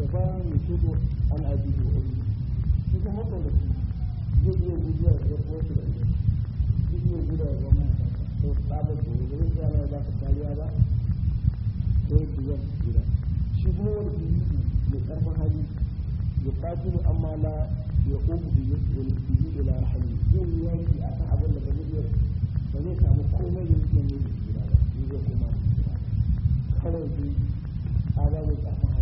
da bayan mai shigo an aji da wani su kuma haka da su zai iya gudiya da zai kuma su da ne su iya gudiya da zama a kasa to tsabar da wani zai tsara ya zaka kariya ba to yi su zai gudiya shi kuma wani fiziki mai karfin hali ya kwaci ne amma la ya kogu da yake wani fiziki da la hali zai yi yaki a kan abin da gani zai ba zai samu komai da yake ne da gudiya ba zai kuma kawai zai tsabar da tsabar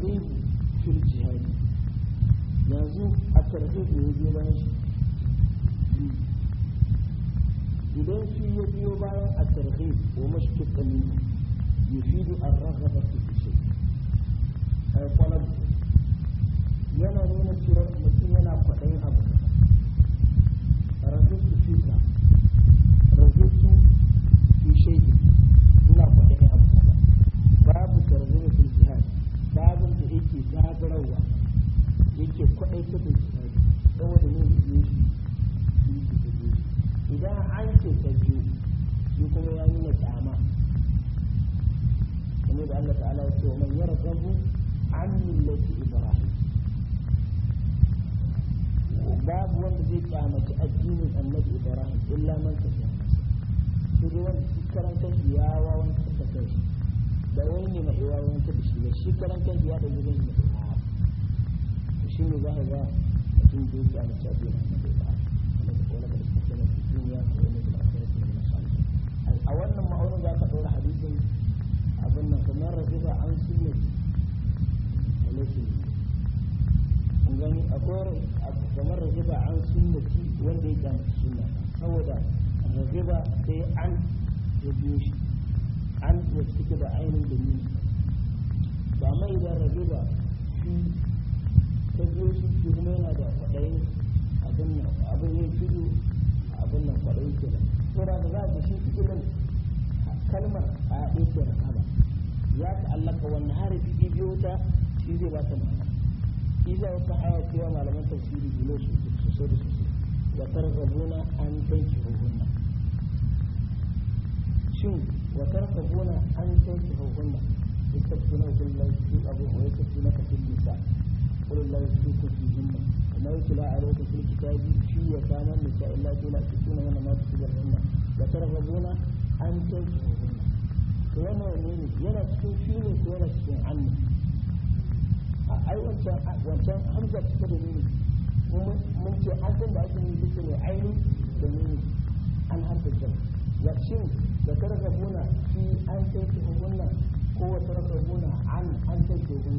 tarhibu fil jihad yanzu a tarhibu ya biyo bayan shi idan shi ya biyo bayan a tarhib wa mashtuqan yufidu da raghaba fi shay ay qalab yana nuna cewa mutum yana kwaɗayin abu fi idan an ce ta biyu shi kuma ya nuna kyama kamar da Allah ta'ala ya ce wa man yara tsabu an millati ibrahim babu wanda zai kyamaci addinin annabi ibrahim illa man ta shi dai wanda shi karanta shi ya wawan ta kai da wani ne mai wawan ta shi da shi karanta shi ya da zuwa الشيء ظاهر أن يجب أن يكون أولا ما أقول ذاك طول حديثي أظن كما رجع عن سنة ولكن أظن أقول كما رجع عن سنة وندي كان سنة هو ذا رجع في عن يبيش عن يكتب عين الدنيا فما إذا رجع في ta biyo shi kuma yana da kwaɗayin abin nan abin yin tudu abin nan saboda da za ka shi kalmar a yaɗe kenan haba ya ta'allaka wannan harafi biyo ta shi zai ba ta ma'ana wata aya cewa malaman tafsiri bilo su sosai da sosai wa targhabuna an tankihuhunna shin wa an يتلى عليك في الكتاب شيء كان النساء التي لا تكونهن ما تكتبهن وترغبون أن تنكحوهن ولا تكون ولا تكون ta da nuni mun ce an da ake yi duka ne da nuni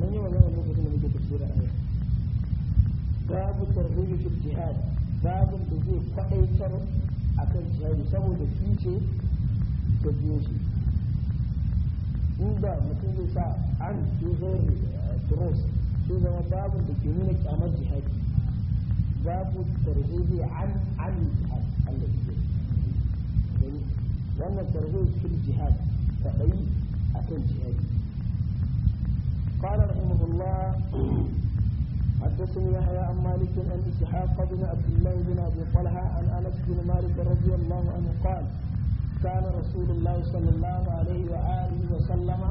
من يوم لنا لوكتين da muke tafsirin ayat babu tarbiyyar fil jihad babu da zai kwaɗaitar akan jihadi saboda shi ce da biyo shi inda mutum zai sa an tuzar turos sai zama babu da ke nuna kyamar jihadi babu tarbiyyar an an jihad Allah ya wannan tarbiyyar fil jihad kwaɗayi akan jihadi قال رحمه الله حدثني يحيى عن مالك عن اسحاق بن عبد الله بن ابي طلحه عن انس بن مالك رضي الله عنه قال كان رسول الله صلى الله عليه واله وسلم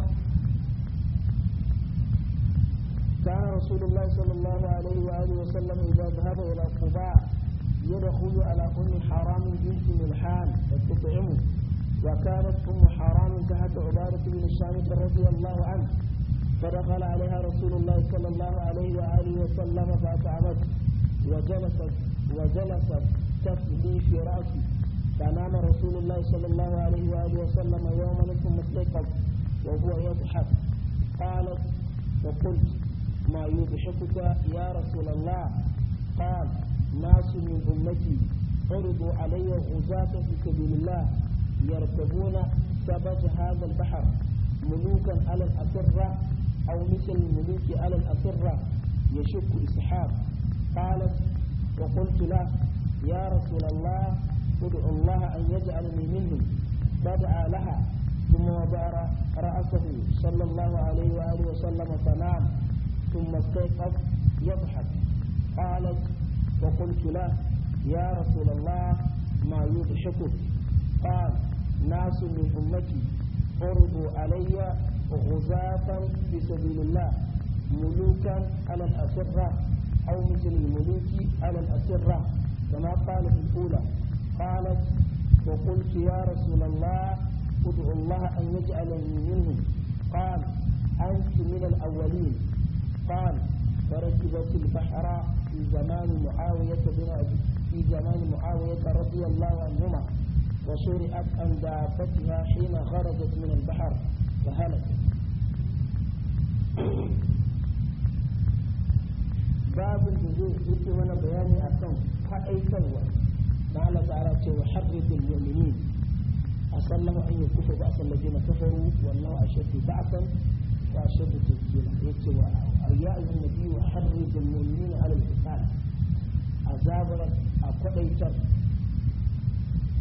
كان رسول الله صلى الله عليه واله وسلم اذا ذهب الى قباء يدخل على ام حرام بنت ملحان فتطعمه وكانت ام حرام تحت عباده بن الشامت رضي الله عنه فدخل عليها رسول الله صلى الله عليه وآله وسلم فأطعمته وجلست وجلست تفدي في رأسي فنام رسول الله صلى الله عليه وآله وسلم يوما ثم استيقظ وهو يضحك قالت فقلت ما يضحكك يا رسول الله قال ناس من أمتي عرضوا علي غزاة في سبيل الله يركبون سبب هذا البحر ملوكا على الأسرة أو مثل الملوك على الأسرة يشك إسحاق قالت وقلت له يا رسول الله ادع الله أن يجعلني منهم فدعا لها ثم وضع رأسه صلى الله عليه وآله وسلم فنام ثم استيقظ يضحك قالت وقلت له يا رسول الله ما يضحكك قال ناس من أمتي عرضوا علي غزاة في سبيل الله ملوكا على الأسرة أو مثل الملوك على الأسرة كما قال في الأولى قالت وقلت يا رسول الله ادعو الله أن يجعلني منهم قال أنت من الأولين قال فركبت البحر في زمان معاوية بن في زمان معاوية رضي الله عنهما وشرعت أن دابتها حين خرجت من البحر ya babin da zai yake mana bayani akan faɗaitarwa na ce wa cewa harridul mu'minin a sallama an yi kufa ba a sallaje na kafaru ba a ba'atan wa ashaddu tafkila yace wa ya ayyuhan nabiyyu harridul mu'minina 'ala al-qital azabar a a kwadaitar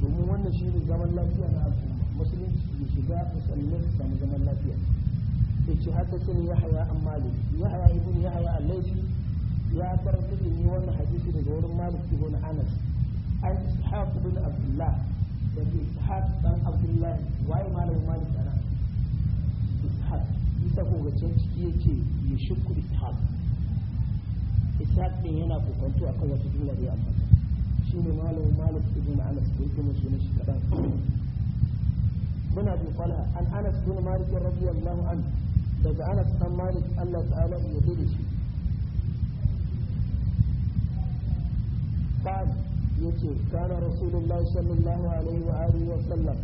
domin wannan shi ne zaman lafiya na abu musulunci ya shiga musulmai su samu zaman lafiya sai ce haka sun haya an malik yahaya ibn yahaya al-laifi ya karanta da ni wannan hadisi daga wurin malik ibn anas an ishaq bin abdullah da ke ishaq dan abdullah waye malamin malik ana ishaq isa ko ga can ciki yake ya shukku ishaq ishaq ɗin yana kokonto akan wata jumla da ya ambata shine malamin malik ibn anas da ko yake shi kaɗan. muna dubala an anas bin malik radiyallahu an daga anas dan malik Allah ta'ala ya dubi shi kan yace kana rasulullahi sallallahu alaihi wa alihi wa sallam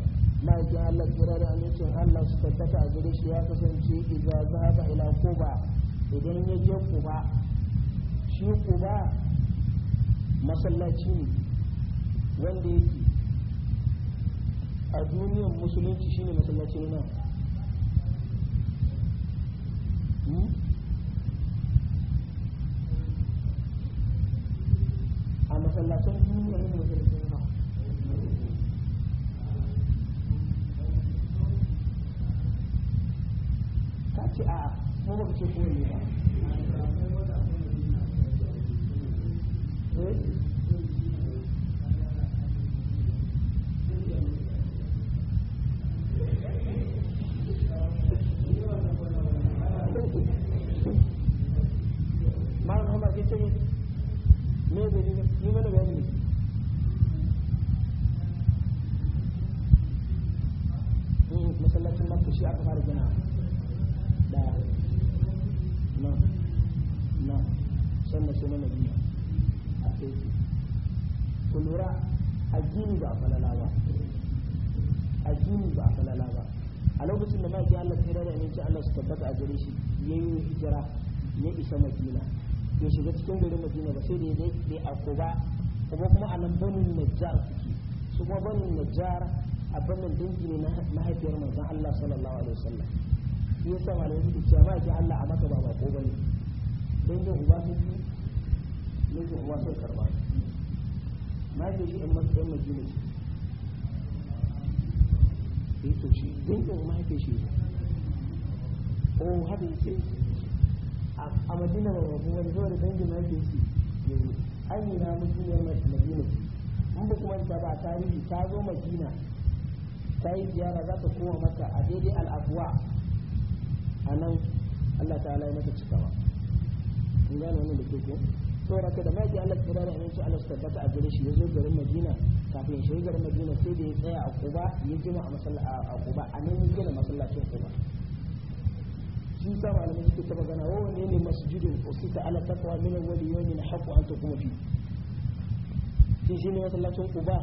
ma ji Allah jira da Allah su tabbata a gare shi ya kasance idza ina ila ba idan ya je quba shi quba masallaci ne wanda yake a duniyar musulunci shine masallaci na hmm? a masallacin duniyar ne masallaci na ka ce a mu ba ce kowane ba eh? shiga cikin garin madina ba sai da ya dai a kuba kuma kuma a nan banin najjar suke su kuma banin najjar a banin dangi ne na mahaifiyar manzon Allah sallallahu alaihi wasallam shi yasa malamai ke cewa ma Allah a maka ba ko bane dangin uba su ne dangin uba sai karba ma ji shi amma sai madina ce eh to shi dangin mahaifiyar shi oh haka sai a madina ba rabu zo da dangin na ke ci yanzu amina mutuniyar madina in ba kuma ta ba tarihi ta zo madina ta yi ziyara za ta koma maka a daidai al'abuwa a nan allah ta halaye mata cikawa in gane wani da ke ko So raka da maki allah ta da yanci allah su tabbata a gare shi ya zo garin madina kafin shi garin madina sai da ya tsaya a kuba ya jima a kuba a nan ya gina masallacin kuba shi sa malamai suke ta gana wa wane ne masjidin usita ala taqwa min awwal yawmin haqqu an taqum fi shi shine masallacin Quba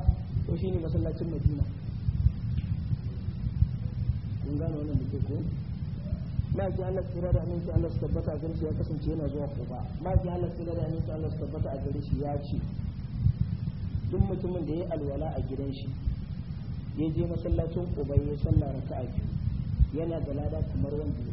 ko shine masallacin Madina kun gano wannan da ko ma ki Allah tsira da aminci Allah su tabbata a gare shi ya kasance yana zuwa Quba ma ki Allah tsira da aminci Allah su tabbata a gare shi ya ce duk mutumin da ya alwala a gidan shi ya je masallacin Quba ya sallar raka'a biyu yana da lada kamar wanda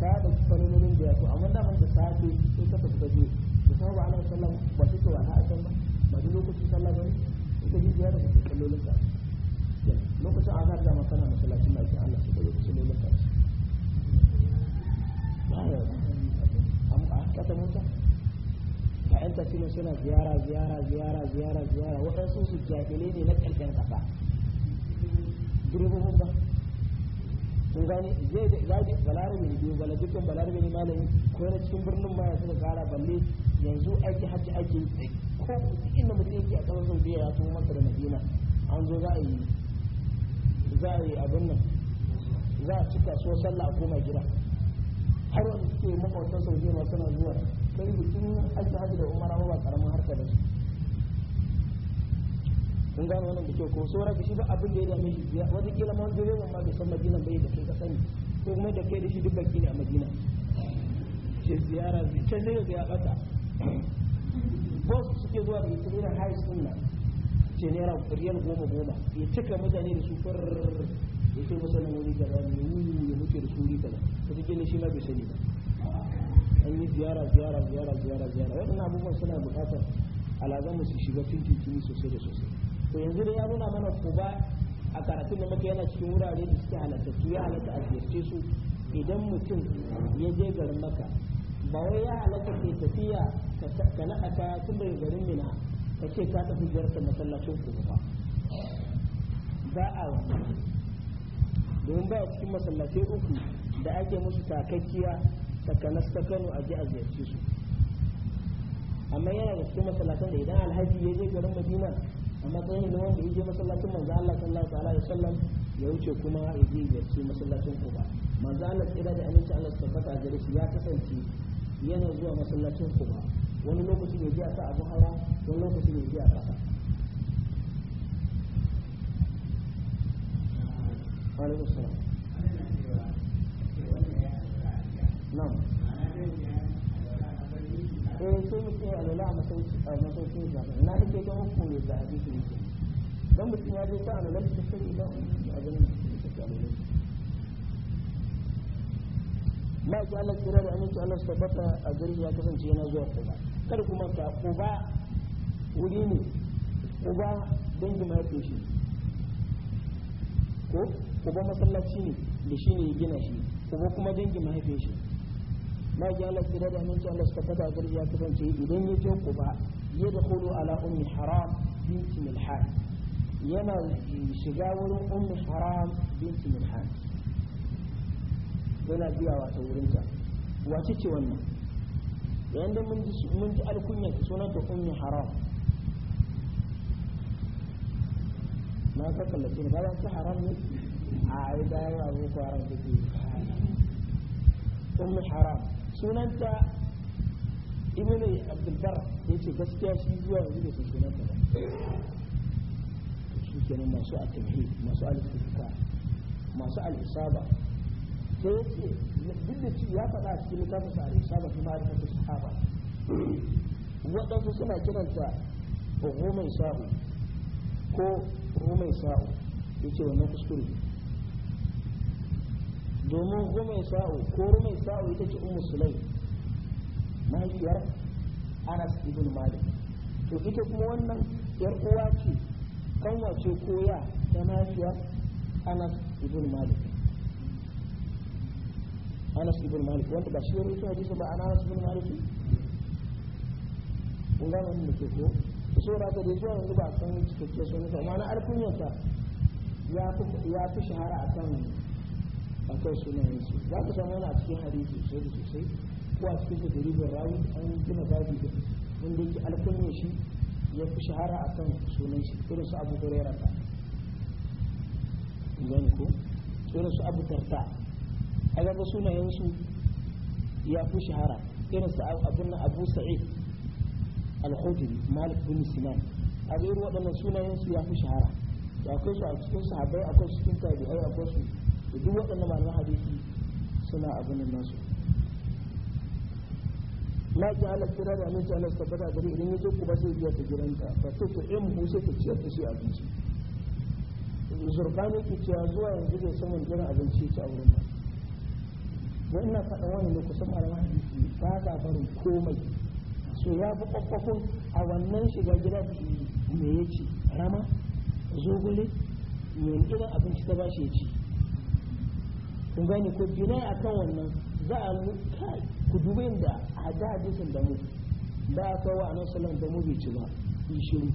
ta dauki falalolin da ya so amma da manta safe sai ta tafi gaje da sama ba alaihi sallam ba shi ke wa a can ba ba duk lokacin sallah ba ne ita ji da ta sallolin ta lokacin azhar da makana masalacin da ake Allah su da sallolin ta amma ka ta musa a yan tafsiri suna ziyara ziyara ziyara ziyara ziyara waɗansu su jahilai ne na ƙarƙen ƙasa durubun ba kun gane zai da ilaji balarabe ne biyu bala dukkan balarabe ne malami ko na cikin birnin ma suka kara balle yanzu aiki hajji ake ko inda mutum yake a kasar saudiya ya tuwo masa da madina an zo za a yi za a yi abin nan za a cika so sallah a koma gida har wanda suke makwabtan saudiya ma suna zuwa kai bikin aiki hajji da umara ba karamin harkar da su sun gano wannan da ke ko saura ka shi ba abin da ya dame shi biya wata kila ma wanda yawan ma bai san madina bai da kai ka sani ko kuma da kai da shi duk baki ne a madina ce ziyara ce zai ga ya bata ko suke zuwa da ikirin high school na ce naira riyal goma goma ya cika mutane da su far ya ce musamman wani kaza ne ya muke da su kaza wata kila shi ma bai sani ba an yi ziyara ziyara ziyara ziyara ziyara waɗannan abubuwan suna buƙatar alazan su shiga cikin kini sosai da sosai to yanzu da ya nuna mana ba a karatun da muka yana cikin wurare da suke halattattu ya halatta a ziyarce su idan mutum ya je garin maka ba wai ya halatta ke tafiya ka na kaya tun daga garin mina ka ce ka tafi ziyartar masallacin ku ba a wani domin ba cikin masallacin uku da ake musu takakkiya takanas ta kano a je a ziyarce su amma yana da cikin masallacin da idan alhaji ya je garin madina a matsayin da wanda ya je masallacin manzo Allah sallallahu alaihi wasallam ya wuce kuma ya je ya ci masallacin Quba manzo Allah tsira da aminci Allah tabbata gare shi ya kasance yana zuwa masallacin Quba wani lokaci ne ji a sa abu hawa wani lokaci ne ji a kasa alaihi wasallam na'am eh sai mutum ya alwala a masaukin zaɓe na ake ga hukun ya a hadisi ne don mutum ya je ta alwala ta sai ba a ganin ta alwala ma ki Allah kira da aminci Allah tabbata a gari ya kasance yana zuwa Kuba kada kuma ka Kuba wuri ne Kuba dangi ma ke shi ko Kuba masallaci ne da shi ne ya gina shi Kuba kuma dangi mahaifin shi ما جالس يرد من شاء الله سكتة درجة كفن شيء إذن يجوكوا يدخلوا على أم حرام بنت من الحال يما يشجاور أم حرام بنت من الحال ولا بيا وتورنتا واتشي ونا عند من من الكنية سنة أم حرام ما تقل لكن هذا حرام عايدا يا أبو كارم بدي أم حرام sunanta ibn abdulbar ya ce gaskiya shi zuwa yanzu da su sunanta ba shi kenan masu a masu alifuka masu alisaba sai ya ce duk da ci ya faɗa a cikin littafin sa su ma rikata su sahaba waɗansu suna kiranta rumai sa'u ko rumai sa'u yace wannan kuskure domin rumai sa'u ko rumai sa'u ita ce ummu sulai mahaifiyar anas ibn malik to ita kuma wannan yar uwa ce kanwa ce koya ta mahaifiyar anas ibn malik anas ibn malik wanda ba shi ya rufe hadisi ba anas ibn malik kun gane mun ke ko so da ta zuwa yanzu ba san cikakke sunan amma na alkunyarsa ya fi shahara a kan akan sunayen su za ka samu wani a cikin hadisi sosai da sosai ko a cikin tadaribin rawi an gina babi da wanda yake alkunyar shi ya fi shahara a kan sunan shi irin su abu hurera ta gani ko irin su abu tarta a gaba sunayensu ya fi shahara irin su abu na abu sa'id al-khudri malik bin sinan a zai ruwa waɗannan sunayen su ya fi shahara da akwai su a cikin sahabbai akwai cikin tabi'ai akwai su duk waɗannan malaman hadisi suna abin nan nasu na ji ala kira da aminci ala da gari idan ya zo kuma sai biya ta gidanta ba ta ta in bu sai ta ciyar ta shi abinci Zurbani ke cewa zuwa yanzu bai wani jiran abinci ta wurin nan wani na faɗa wani ne kusan malaman hadisi ba ka barin komai so ya fi kwakwakun a wannan shiga gida me ya ci rama zogale mai irin abinci ta ba shi ya ci kun gani ko a kan wannan za a kai ku dubi inda a da hadisin da mu da aka wa a nan da mu bai ci ba shiru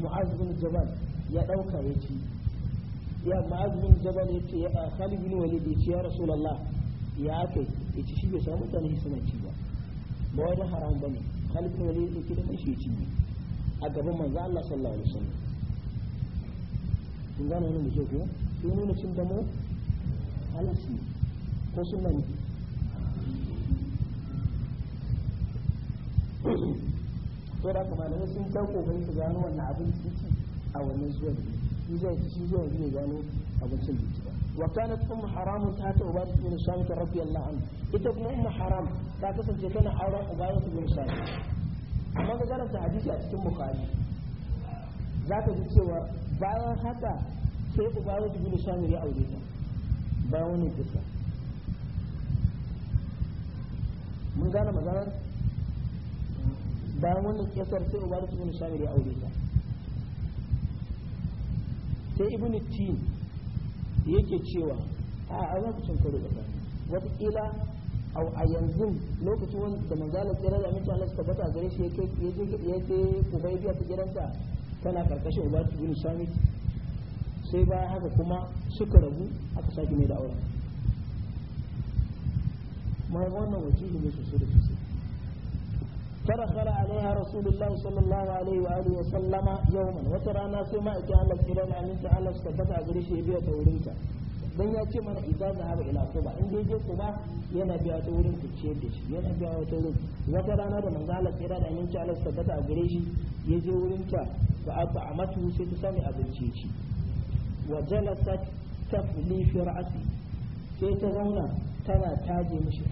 mu'az bin jabal ya dauka ya ci ya mu'az bin jabal ya ce ya khalid bin walid ya ce ya rasulullah ya kai ya ci shi bai samu mutane suna ci ba ba wani haram bane khalid bin walid ya ce da shi ya ci a gaban manzo Allah sallallahu alaihi wasallam kun gane wannan da ke ko sun nuna cin da mu halarci ko suna ne ko da kuma da sun ta kokarin su gano wannan abin ciki a wannan zuwan shi zai shi zai ne gano abincin ciki wa kanat um haramun ta ta uba bin rabbi allah an ita kuma um haram ta kasance tana auren uba bin shamit amma ga ta hadisi a cikin bukhari za ka ji cewa bayan haka sai uba bin shamit ya aure ta bayan wani kisa mun gane maganar bayan wani kisar sai uba da cikin shamir ya aure ta sai ibn tin yake cewa a a cin kare da bani wata kila au a yanzu lokacin wanda manzala tsira da mutum Allah suka bata gare shi yake yake yake biya ta gidansa tana karkashin uba da cikin shamir sai bayan haka kuma suka rabu aka sake mai da auren mai wannan wakili ne sosai da sosai فدخل عليها رسول الله صلى الله عليه وآله وسلم يوما وترانا سمع كان لك إلى أن أنت على استفتع بريش يبيع تورينك dan ya ce mana idan za haɓa ila kuba in dai je kuba yana biya ta wurin ku ce da shi yana biya ta wurin wata rana da manzo Allah tsira da Allah a gare shi ya je wurin ta fa sai ta sani abinci ci wa jalasat tafli fi ra'si sai ta zauna tana taje mishi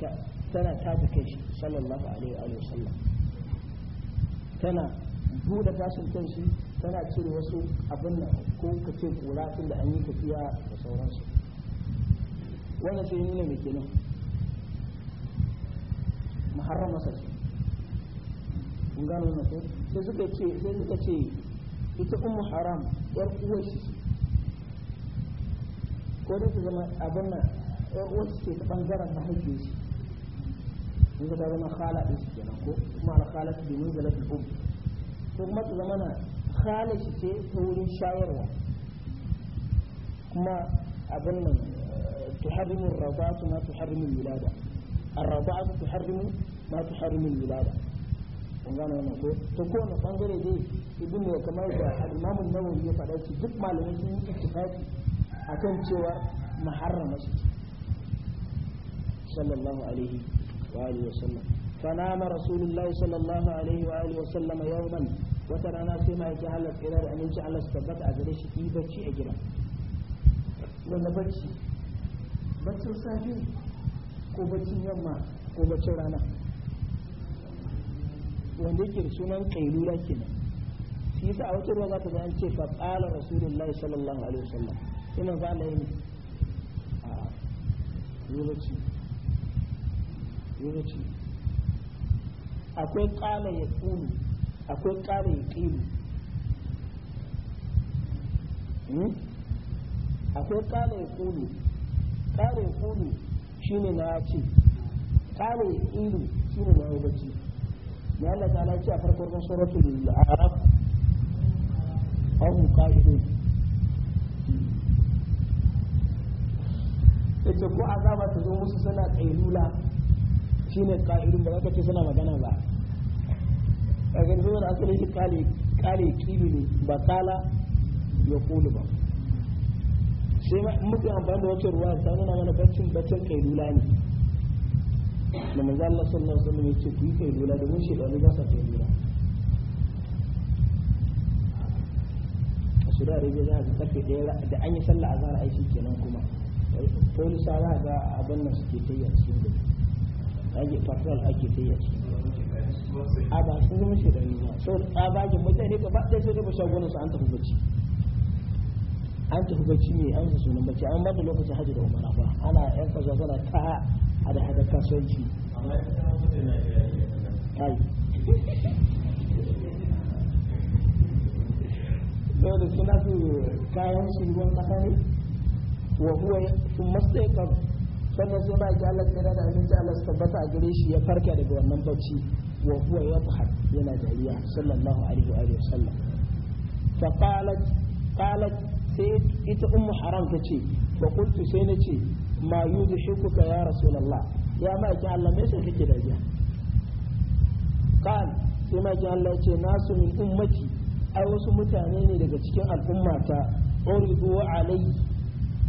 tana taje kai shi sallallahu alaihi wa sallam tana buɗe tashin kan shi tana cire wasu abin nan ko ce kura tun da an yi tafiya da sauransu wannan sai gano sai suka ce sai suka ce ita ummu haram yar uwar shi sai su zama abin nan wasu ce ta bangaren mahaifi shi in ta zama khala din shi kenan ko kuma al khala bi manzalati um ko kuma ta zama na khala shi ce ta wurin shayarwa kuma abin nan تحرم الرضاعة ما تحرم الولادة الرضاعة تحرم ما تحرم الولادة kun gane wannan ko ta kowane bangare dai ibn ya kamar da al-imam an-nawawi ya faɗa shi duk malamai sun yi ittifaqi akan cewa muharrama su sallallahu alaihi wa alihi wa sallam فنام رسول الله صلى الله عليه وآله وسلم da aminci فيما يجعل إلى أن يجعل استبت أجريش في بكي أجرا ولا بكي بكي safe ko baccin yamma ko baccin rana wanda yake da sunan kailula kenan shi yasa a wata ruwa za ta ce fa qala rasulullahi sallallahu alaihi wasallam sai manzo Allah ya yi a yoci yoci akwai kala ya tsulu hmm? akwai kala ya tsilu akwai kala ya tsulu kala ya shi ne na ce kala ya shi ne na yoci ya Allah ta ce a farkon suratul araf abu قائلون yace ko azaba ta zo musu suna kailula shine qailun ba za ka ce suna magana ba a ganin zuwa asali shi kale kale kibi ne ba kala ya kulu ba sai muke amfani da wacce ruwa ta nuna mana baccin baccin kailula ne da manzo Allah sallallahu alaihi wasallam yace ku yi kailula domin shi da za sa kailula a shirya rage za a karfe da an yi sallah azhar aiki kenan kuma wani sa za ga abin nan suke ta yi a cikin gari ake patrol ake ta yi a cikin gari a ba sun zama shekaru ba so tsabagen mutane gaba ɗaya sai rufe shagunan su an tafi bacci an tafi bacci ne an su sunan bacci an bada lokacin hajji da umara ba ana yan kasuwa suna ta hada hada kasuwanci dole suna su kayan su ruwan kasa ne wa huwa thumma istaqam sannan sai ba ki Allah tsira da aminci Allah tabbata a gare shi ya farka daga wannan bacci wa huwa yadhhar yana dariya sallallahu alaihi wa alihi wasallam fa qalat qalat sai ita ummu haram ce fa qultu sai ce ma yudhikuka ya rasulullah ya ma ki Allah me sai kake dariya kan sai ma ki Allah ce nasu min ummati ai wasu mutane ne daga cikin al'ummata uridu alayhi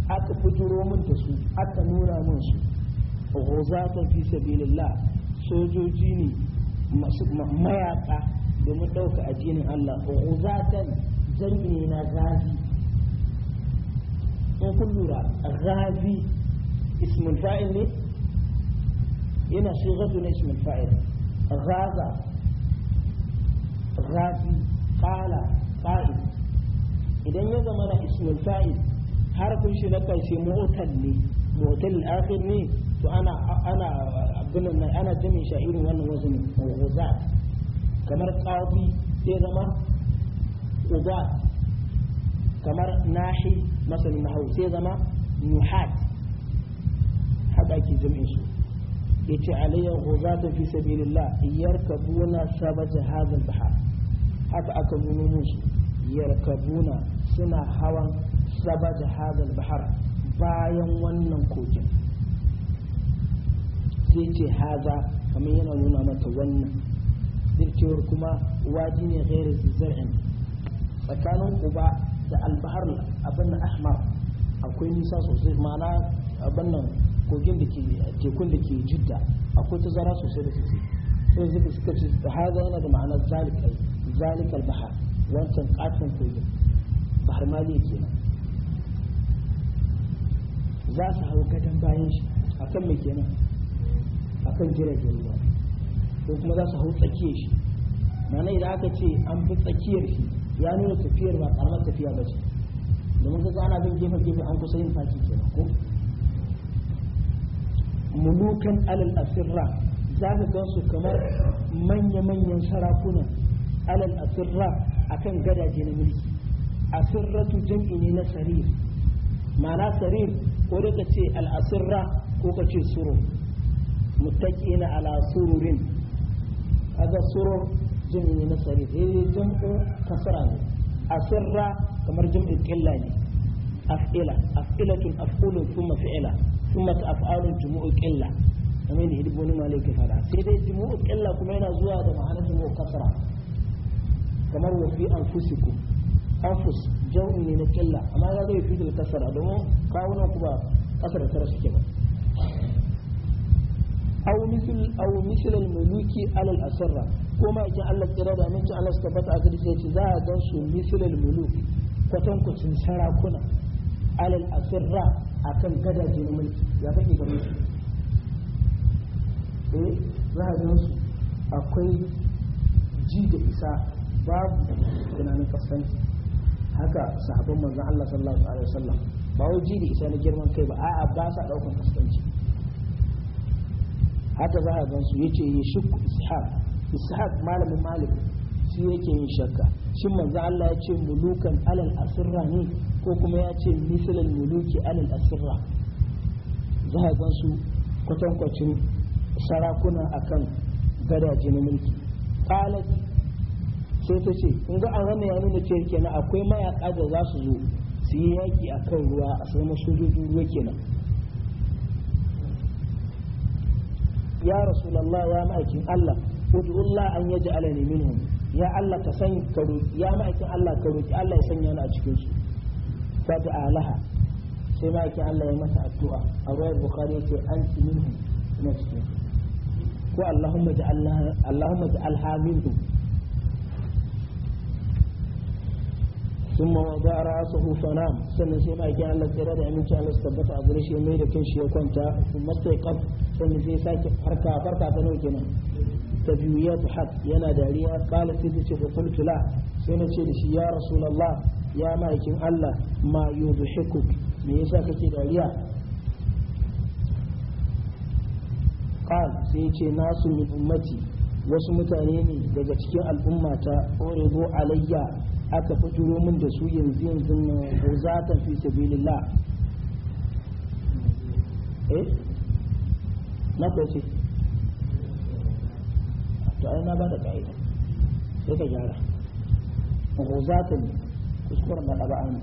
aka bujuro min da su aka nuna min su ghuzatun fi sabilillah sojoji ne mayaka domin ɗauka addinin Allah ghuzatan jami'i ne na gazi in kun lura gazi ismul fa'il ne yana shigatu na ismul fa'il ghaza gazi kala qa'id idan ya zama na ismul fa'il harafin shi na karshe mu'tal ne mu'tal akhir ne to ana ana abin nan ana jami shi irin wannan wajen mawuza kamar qafi sai zama uba kamar nahi masalin nahawu sai zama nuhat haka ake jami'in su yace alayya ghuzatu fi sabilillah yarkabuna sabata hadha al-bahar haka aka nuno musu yarkabuna suna hawan da hadal bahar bayan wannan kogin sai ce haza kamar yana nuna mata wannan dirkewar kuma waji ne gairu zizar'in tsakanin uba da albahar abin na ahmar akwai nisa sosai ma'ana abin nan kogin da ke tekun da ke jidda akwai tazara sosai da sosai sai zuka suka ce haza yana da ma'anar zalikai zalikal bahar wancan katin kogin bahar maliya kenan za su hau gadon bayan shi a kan mai kenan kan jiragen ruwa ko kuma za su hau tsakiyar shi mana idan aka ce an fi tsakiyar shi ya nuna tafiyar ba karamar tafiya ba ce domin kaga ana bin gefen gefe an kusa yin faki kenan ko mulukan alal asirra za ka gansu kamar manya-manyan sarakuna alal asirra akan gadaje na mulki asirratu jam'i ne na sarir ma'ana sarir ko da ce al'asirra ko ka ce surur muttaki na ala sururin kaga surur jimi ne na sarif eh jam'u kasra ne asirra kamar jam'in qilla ne af'ila af'ilatun af'ulun thumma fi'ila thumma af'alun jumu'u qilla kamar yadda hidiboni malai ke fada sai dai jumu'u qilla kuma yana zuwa da ma'anar jumu'u kasra kamar wa fi anfusikum anfus jam'i ne na qilla amma ya zai fi da kasra domin kawuna ku ba ƙasa da tara suke ba aw misl aw misl al muluki ala al asra ko ma yake Allah tsira da aminci Allah su tabbata a gidi shi za a gan su misl al muluk kwatan kucin sarakuna ala al asra akan gadaje na mulki ya kake ga mulki eh za a gan su akwai ji da isa babu tunanin kasance haka sahabban manzon Allah sallallahu alaihi wasallam ba wai jiri da isa na girman kai ba a'a ba sa daukan kaskanci haka za a gan su yace ya shukku ishaq ishaq malamin malik shi yake yin shakka shin manzo Allah ya ce mulukan alal asirra ne ko kuma ya ce misalan muluki alal asirra za a gan su kwatankwacin sarakuna akan gadaje na mulki qalat sai ta ce kun ga an wannan ya nuna yake kenan akwai mayaka da za su zo su yi yaƙi a kan ruwa a samu sojojin ruwa kenan ya rasulallah ya ma'aikin Allah ud'ullah an yaji alani minhum ya Allah ka san ka ya ma'aikin Allah ka Allah ya sanya ni a cikin su fa ta alaha sai ma'aikin Allah ya mata addu'a a ruwayar bukhari yake anti minhum nafsi ko allahumma ja'alna allahumma ja'alha minhum sun mawada ra'asahu hufana sannan sai mai kin Allah tsira da aminci Allah tabbata a gure shi mai da kai ya kwanta sun masai kaf sannan sai sake farka farka ta nau kenan ta biyu ya ta yana dariya kala sai ta ce fakultu la sai na ce da shi ya rasulallah ya ma'aikin Allah ma yudhikuk me yasa kake dariya kal sai ya ce nasu min ummati wasu mutane ne daga cikin al'ummata uridu alayya aka fituro min da su yanzu yanzu ne ko za ta fi sabilillah eh na kwace to ai na ba da ka'ida sai ka gyara ko za ne kuskuren na ɗaba'an ne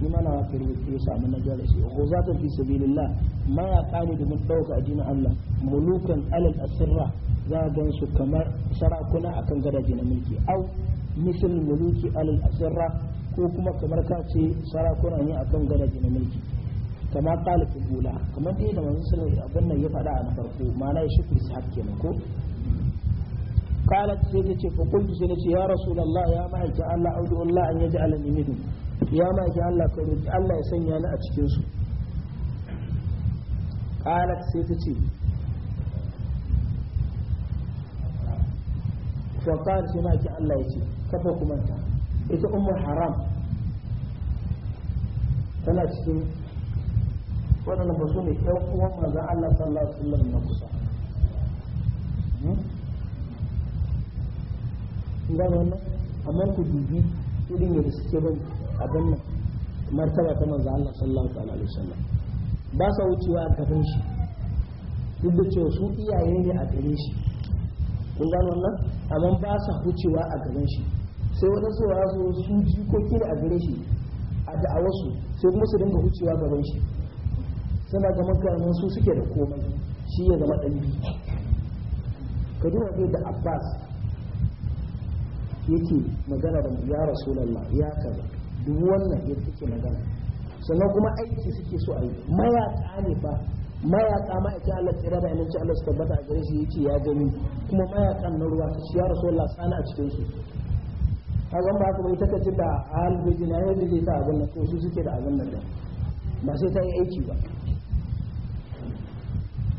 yi mana wa kare ya samu na gyara shi ko za ta fi sabilillah ma ya kare da mun ɗauka addinin Allah mulukan alal asirra za a gan su kamar sarakuna akan gadaje na mulki au mishin muluki alal asirra ko kuma kamar ka ce sarakuna ne akan kan gada na mulki kamar ɗalibin gula kamar dai da manzo sallallahu alaihi wasallam ya faɗa a farko ma'ana ya shifi hakke kenan ko qalat sai ce fa kuntu sai ce ya rasulullah ya ma'aika Allah audu Allah an yaj'al min yadi ya ma'aika Allah ka roki Allah ya sanya ni a cikin su qalat sai ta ce fa qalat sai ma'aika Allah ya ce kafa ku manta ita umar haram tana cikin waɗanda ba su ne ɗan uwan manzon Allah sallallahu alaihi wasallam na kusa hmm? gane wannan amma ku dubi irin yadda suke ban a nan martaba ta manzo Allah sallallahu alaihi wasallam ba sa wucewa a gaban shi duk da cewa su iyaye ne a gare shi kun gane wannan amma ba sa wucewa a gaban shi sai su ya zo su jikoki da agare shi a da'awarsu sai kuma su dinga wucewa gaban shi suna ga makarantar su suke da komai shi ya zama ɗan biyu ka duba dai da abbas yake magana da ya rasu lalla ya kaza duk wannan ya suke magana sannan kuma aiki suke so a yi mayaƙa ne ba mayaƙa ma'aikin Allah tsira da yanci Allah su tabbata a gare shi yake ya gani kuma mayaƙan na ruwa shi ya rasu lalla sana a cikin su zan ba haka ba ita da ahal na yadda zai ta abin nan su suke da abin nan ba sai ta yi aiki ba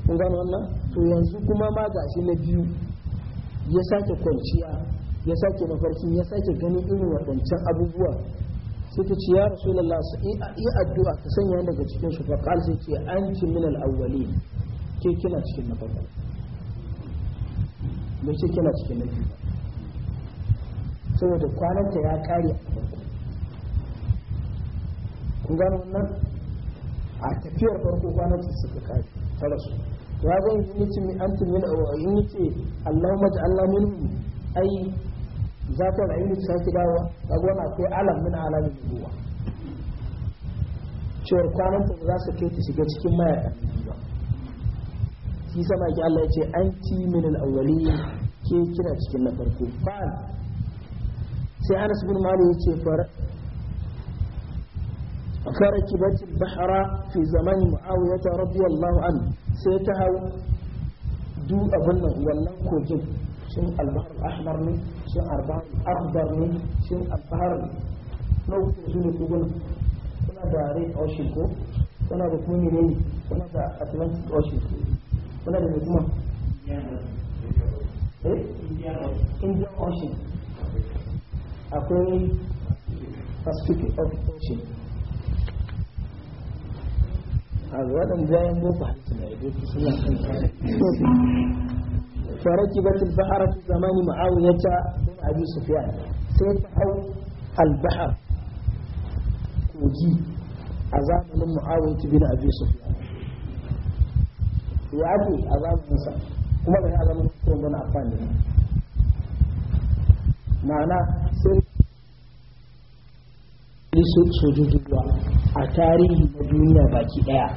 kun gano wannan to yanzu kuma ma gashi na biyu ya sake kwanciya ya sake mafarki ya sake ganin irin waɗancan abubuwa sai ta ce ya su yi addu'a ta sanya daga cikin su faqal sai ce ci min al-awwalin ke kina cikin na farko bai ce kina cikin na biyu saboda kwananta ya kare kun gano wannan a tafiyar farko kwananta suka kare ta rasu ya zai yi nace mi antum min awayi nace Allahumma ja'alna minhum ai za ta rayu da sai ki dawo ga gona ko alam min alamin ruwa. cewar kwananta za su kai ta shiga cikin mayaka ba shi sama ki Allah ya ce anti min al-awwalin ke kina cikin na farko fa'al sai anas bin malik ya ce fara kibati bahara fi zamani muawiya ta radiyallahu an sai ta hau du abin nan wannan kogin shin albahar ahmar ne shin albahar akbar ne shin albahar nau'in su ne kogin suna da rain ocean ko suna da kuni rain suna da atlantic ocean suna da mutum indian ocean eh? akwai pacific occupation a waɗanda bayan boko halittu na ido suna kan faraki batul bahar fi zamani ma'awiyata bin abi sufyan sai ta hau albahar kogi a zamanin mu'awiyata bin abi sufyan ya ake a zamanin sa kuma da a zamanin kuma bana amfani ma'ana sirrin sojojin ruwa a tarihi na duniya baki daya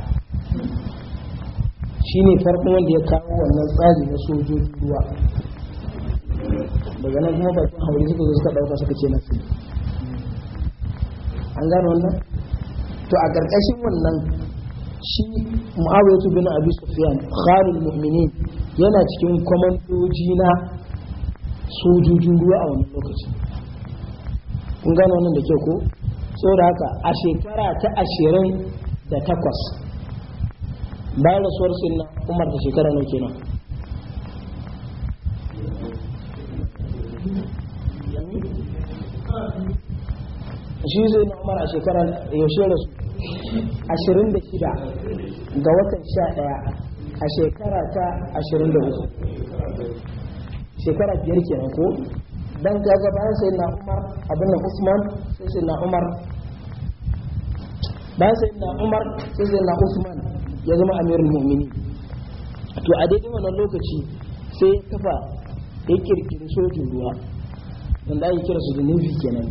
shine farko wanda ya kawo wannan tsari na sojojin ruwa daga nan kuma bakin haure suka zo suka dauka suka ce nasu an gano wannan to a ƙarƙashin wannan shi mu'awiyatu bin abi sufyan khalil mu'minin yana cikin kwamandoji na sojojin ruwa a wannan lokaci kun gano wannan da ke ko saboda haka a shekara ta ashirin da takwas bayan rasuwar sinna umar da shekara nau kenan shi zai na umar a shekara yaushe su, ashirin da shida ga watan sha ɗaya a shekara ta ashirin da hudu shekara biyar kenan ko dan kaga bayan sai na umar abin da usman sai sai na umar bayan sai na umar sai sai na usman ya zama amirul mu'minin to a daidai wannan lokaci sai ya kafa ya kirkiri sojin ruwa wanda ake kira su da navy kenan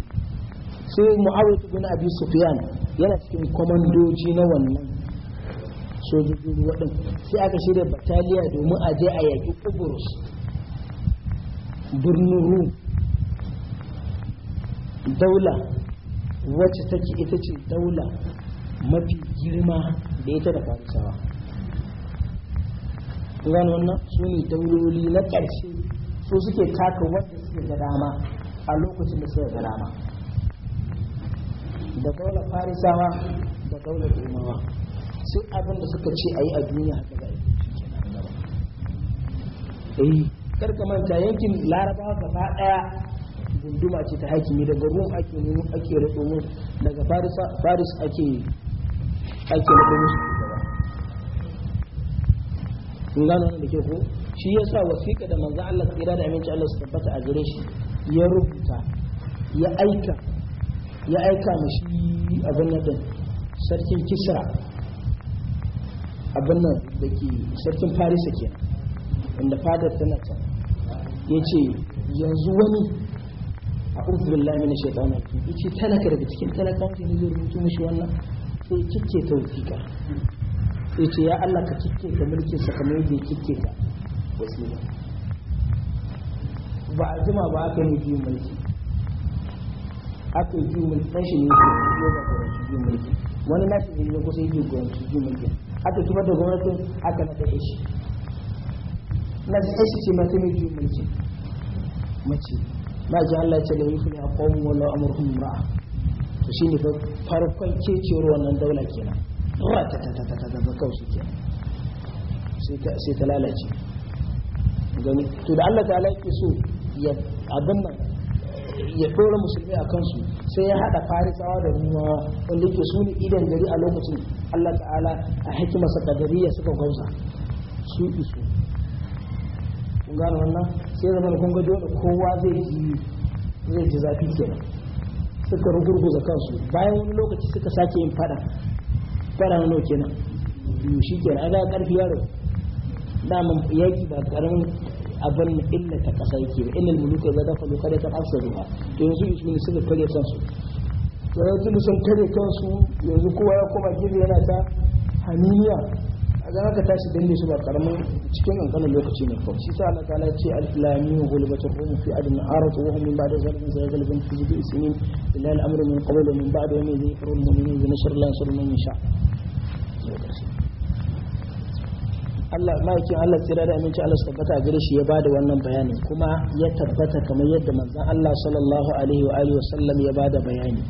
sai mu'awiyah bin abi sufyan yana cikin komandoji na wannan sojin ruwa din sai aka shirya bataliya domin a je a yaki Qubrus birnin rum daula wacce take ita ce daula mafi girma da ita da farisawa gano wannan su ne dauloli na ƙarshe su suke taka wadda suke ga dama a lokacin da suka ga dama da Daula farisawa da Daula girmawa, sai abin da suka ce a yi a duniya haka za a yi eh manta yankin larabawa gaba ɗaya gunduma ce ta hakimi daga rum ake nemo ake raɗo mu daga faris ake ake raɗo musu shugaba gano wannan da ke ko shi ya sa wasiƙa da manzo Allah tsira da aminci Allah su tabbata a gare shi ya rubuta ya aika ya aika mashi abin nan din sarkin kisra abin nan da ke sarkin farisa kenan inda fadar tana can ya ce yanzu wani a'udhu billahi minash shaitani rajim yace talaka daga cikin talaka shi ne zai rubuta mishi wannan sai kike ta wasiƙa yace ya Allah ka kike ka mulki sa kamar yadda kike ta wasiƙa ba a jima ba aka yi biyu mulki aka yi biyu mulki ɗan shi ne ya ba ku biyu mulki wani nashi ne ya kusa yi biyu gwamnati biyu mulki aka kuma da gwamnatin aka na ɗaya shi na ɗaya shi ce mata mai biyu mulki mace na ji Allah ya ce la yufni aqawm wala amruhum ra'a to shine fa farkon kecewar wannan daula kenan ra ta ta ta ta ta kawai shi kenan sai ta sai ta lalace gani to da Allah ta'ala yake so ya abin nan ya ɗora musulmi a kansu sai ya hada farisawa da ruwa wanda yake su ne idan gari a lokacin Allah ta'ala a hikimarsa kadariya suka gwamza su isu kun gane wannan sai zama da ga dole kowa zai ji zai ji zafi kenan suka rugurguza kansu bayan wani lokaci suka sake yin fada fada nawa nan biyu shi nan ana karfi yaro daman yaki ba karamin abin illa ta kasa yake ba illa muluka za da falu kada kan zuwa to yanzu ismin suka kare kansu to yanzu sun kare kansu yanzu kowa ya koma gefe yana ta haniya idan aka tashi danne su ba karamin cikin kankanin lokaci ne kawai shi sa Allah ta'ala ce al-islami wa gulbatul rum fi adn arad wa hum min ba'da zalika sayaghlibun fi jiddi isnin illa al-amr min qabl min ba'd wa min dhikrul mu'minin bi nashr la yasur man yasha Allah ma'aikin Allah tsira da aminci Allah tabbata gare shi ya bada wannan bayanin kuma ya tabbata kamar yadda manzon Allah sallallahu alaihi wa alihi wa sallam ya bada bayani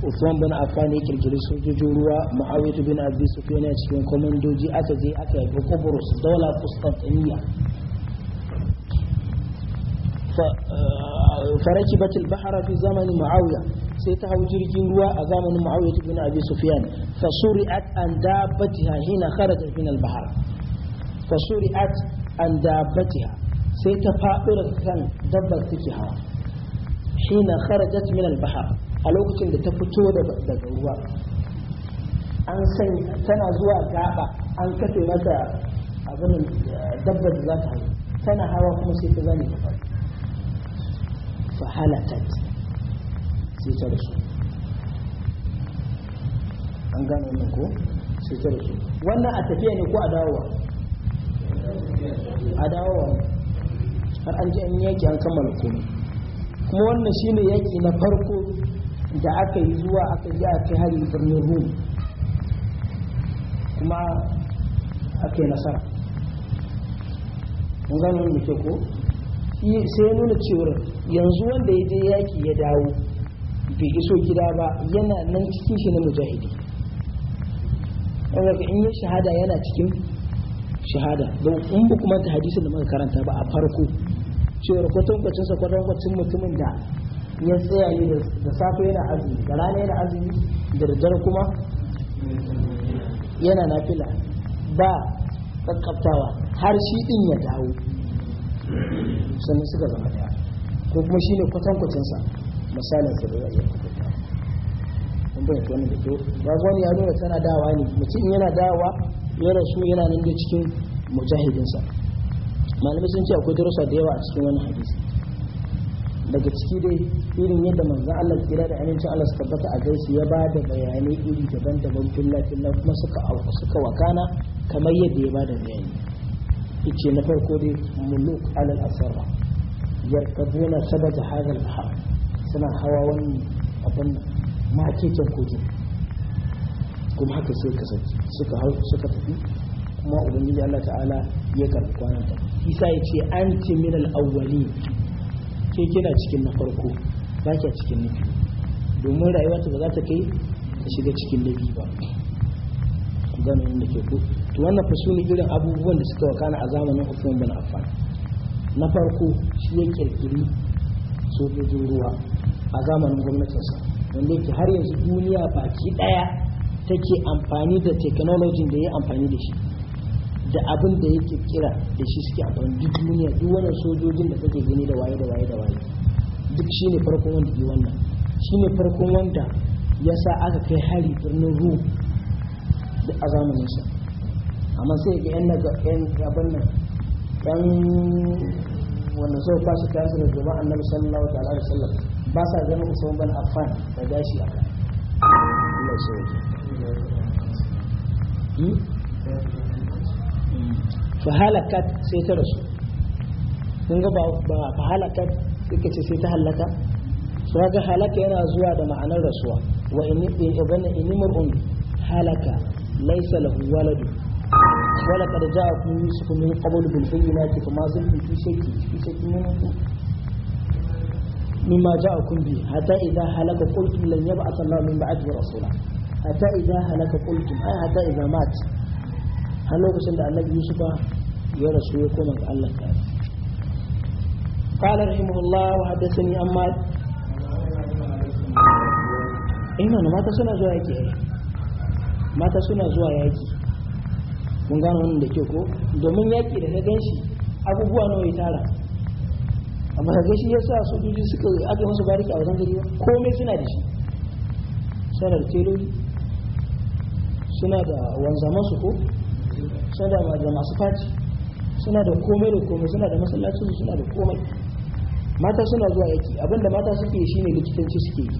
Usman bin Affan ya kirkiri sojojin ruwa Muawiyah bin Abi Sufyan ya cikin komandoji aka je aka yi Qubrus daula Constantinople فركبت البحر في زمن معاوية سيتها جرجين روا زمن معاوية بن أبي سفيان فسرعت أن دابتها حين خرجت من البحر فسرعت أن دابتها سيتفاؤل كان دبر حين خرجت من البحر a lokacin da ta fito daga ruwa an sanya tana zuwa gaba an kafe mata abin eh, dabbar da za ta hau tana hawa kuma sai ta zane gaba fa halatat sai ta rasu an gano wannan ko sai ta rasu wannan a tafiya ne ko a dawowa a dawowa har an ji an yaki an kammala komai kuma wannan shine yaki na farko da aka yi zuwa aka ji a ci hari birnin rum kuma aka yi nasara mun gano da ke ko sai nuna cewar yanzu wanda ya je yaki ya dawo bai iso gida ba yana nan cikin shi na mujahidi wanda in yi shahada yana cikin shahada don in ba kuma ta hadisin da muka karanta ba a farko cewar kwatankwacinsa kwatankwacin mutumin da ya tsaya ne da safe yana azumi da rana yana azumi da daddare kuma yana nafila ba tsakkaftawa har shi din ya dawo sannan suka zama daya ko kuma shine kwatan sa misalin sa da ya iya kwatanta ba bai wani da ke ba wani ya nuna tana dawa ne mutum yana dawa ya rasu yana nan da cikin mujahidinsa malamai sun ce akwai darussa da yawa a cikin wani hadisi daga ciki dai irin yadda manzan Allah kira da amincin Allah suka baka a gaisu ya ba da bayanai iri daban-daban filla-filla kuma suka suka wakana kamar yadda ya ba da bayani ice na farko dai muluk alal asarra yarkabuna sabata hadal bahar suna hawa wani abin makekin kogin kuma haka sai kasance suka hau suka tafi kuma ubangiji Allah ta'ala ya karɓi kwanan ta isa ya ce an ce min al-awwalin ke kina cikin na farko ba kya cikin na biyu domin rayuwa ta za ta kai ta shiga cikin na biyu ba gano inda ke ku to wannan fa su ne irin abubuwan da suka wakana a zamanin Uthman bin Affan na farko shi ya kirkiri sojojin ruwa a zamanin gwamnatinsa wanda yake har yanzu duniya baki daya take amfani da technology da ya amfani da shi da abin da ya kirkira da shi suke a bayan duk duniya duk wannan sojojin da suke gani da waye da waye da waye duk shine farkon wanda ke wannan shine farkon wanda ya sa aka kai hari birnin ru da a zamanin sa amma sai ga yan yan abin nan yan wanda sau ba su su da gaban annabi sallallahu ta'ala da sallam ba sa ganin usman ban affan da gashi a kan Allah ya فهلكت سيت رسول ينقبع فهلكت سيت سيت هلكة سواجه هلكة أنا أزواد معنى الرسول وإن إن إبن إن مر أم هلكة ليس له ولد ولا قد جاءكم يوسف من قبل بالبينات فما زلت في شك في شك منكم مما جاءكم به حتى إذا هلك قلتم لن يبعث الله من بعده رسولا حتى إذا هلك قلتم أي حتى إذا مات har lokacin da annabi yusufa ya rasu ya koma ga allah ta قال رحمه الله وحدثني أما na, mata suna zuwa yaki mata suna zuwa yaki mun gano wannan da ke ko domin yaki da na ganshi abubuwa nawa ya tara amma ya sa su sojoji suka aka musu bariki a wajen gari komai suna da shi suna da teloli suna da wanzamansu ko suna da da masu faci suna da komai da komai suna da masallaci suna da komai mata suna zuwa yaki abinda mata suke yi shine likitanci suke yi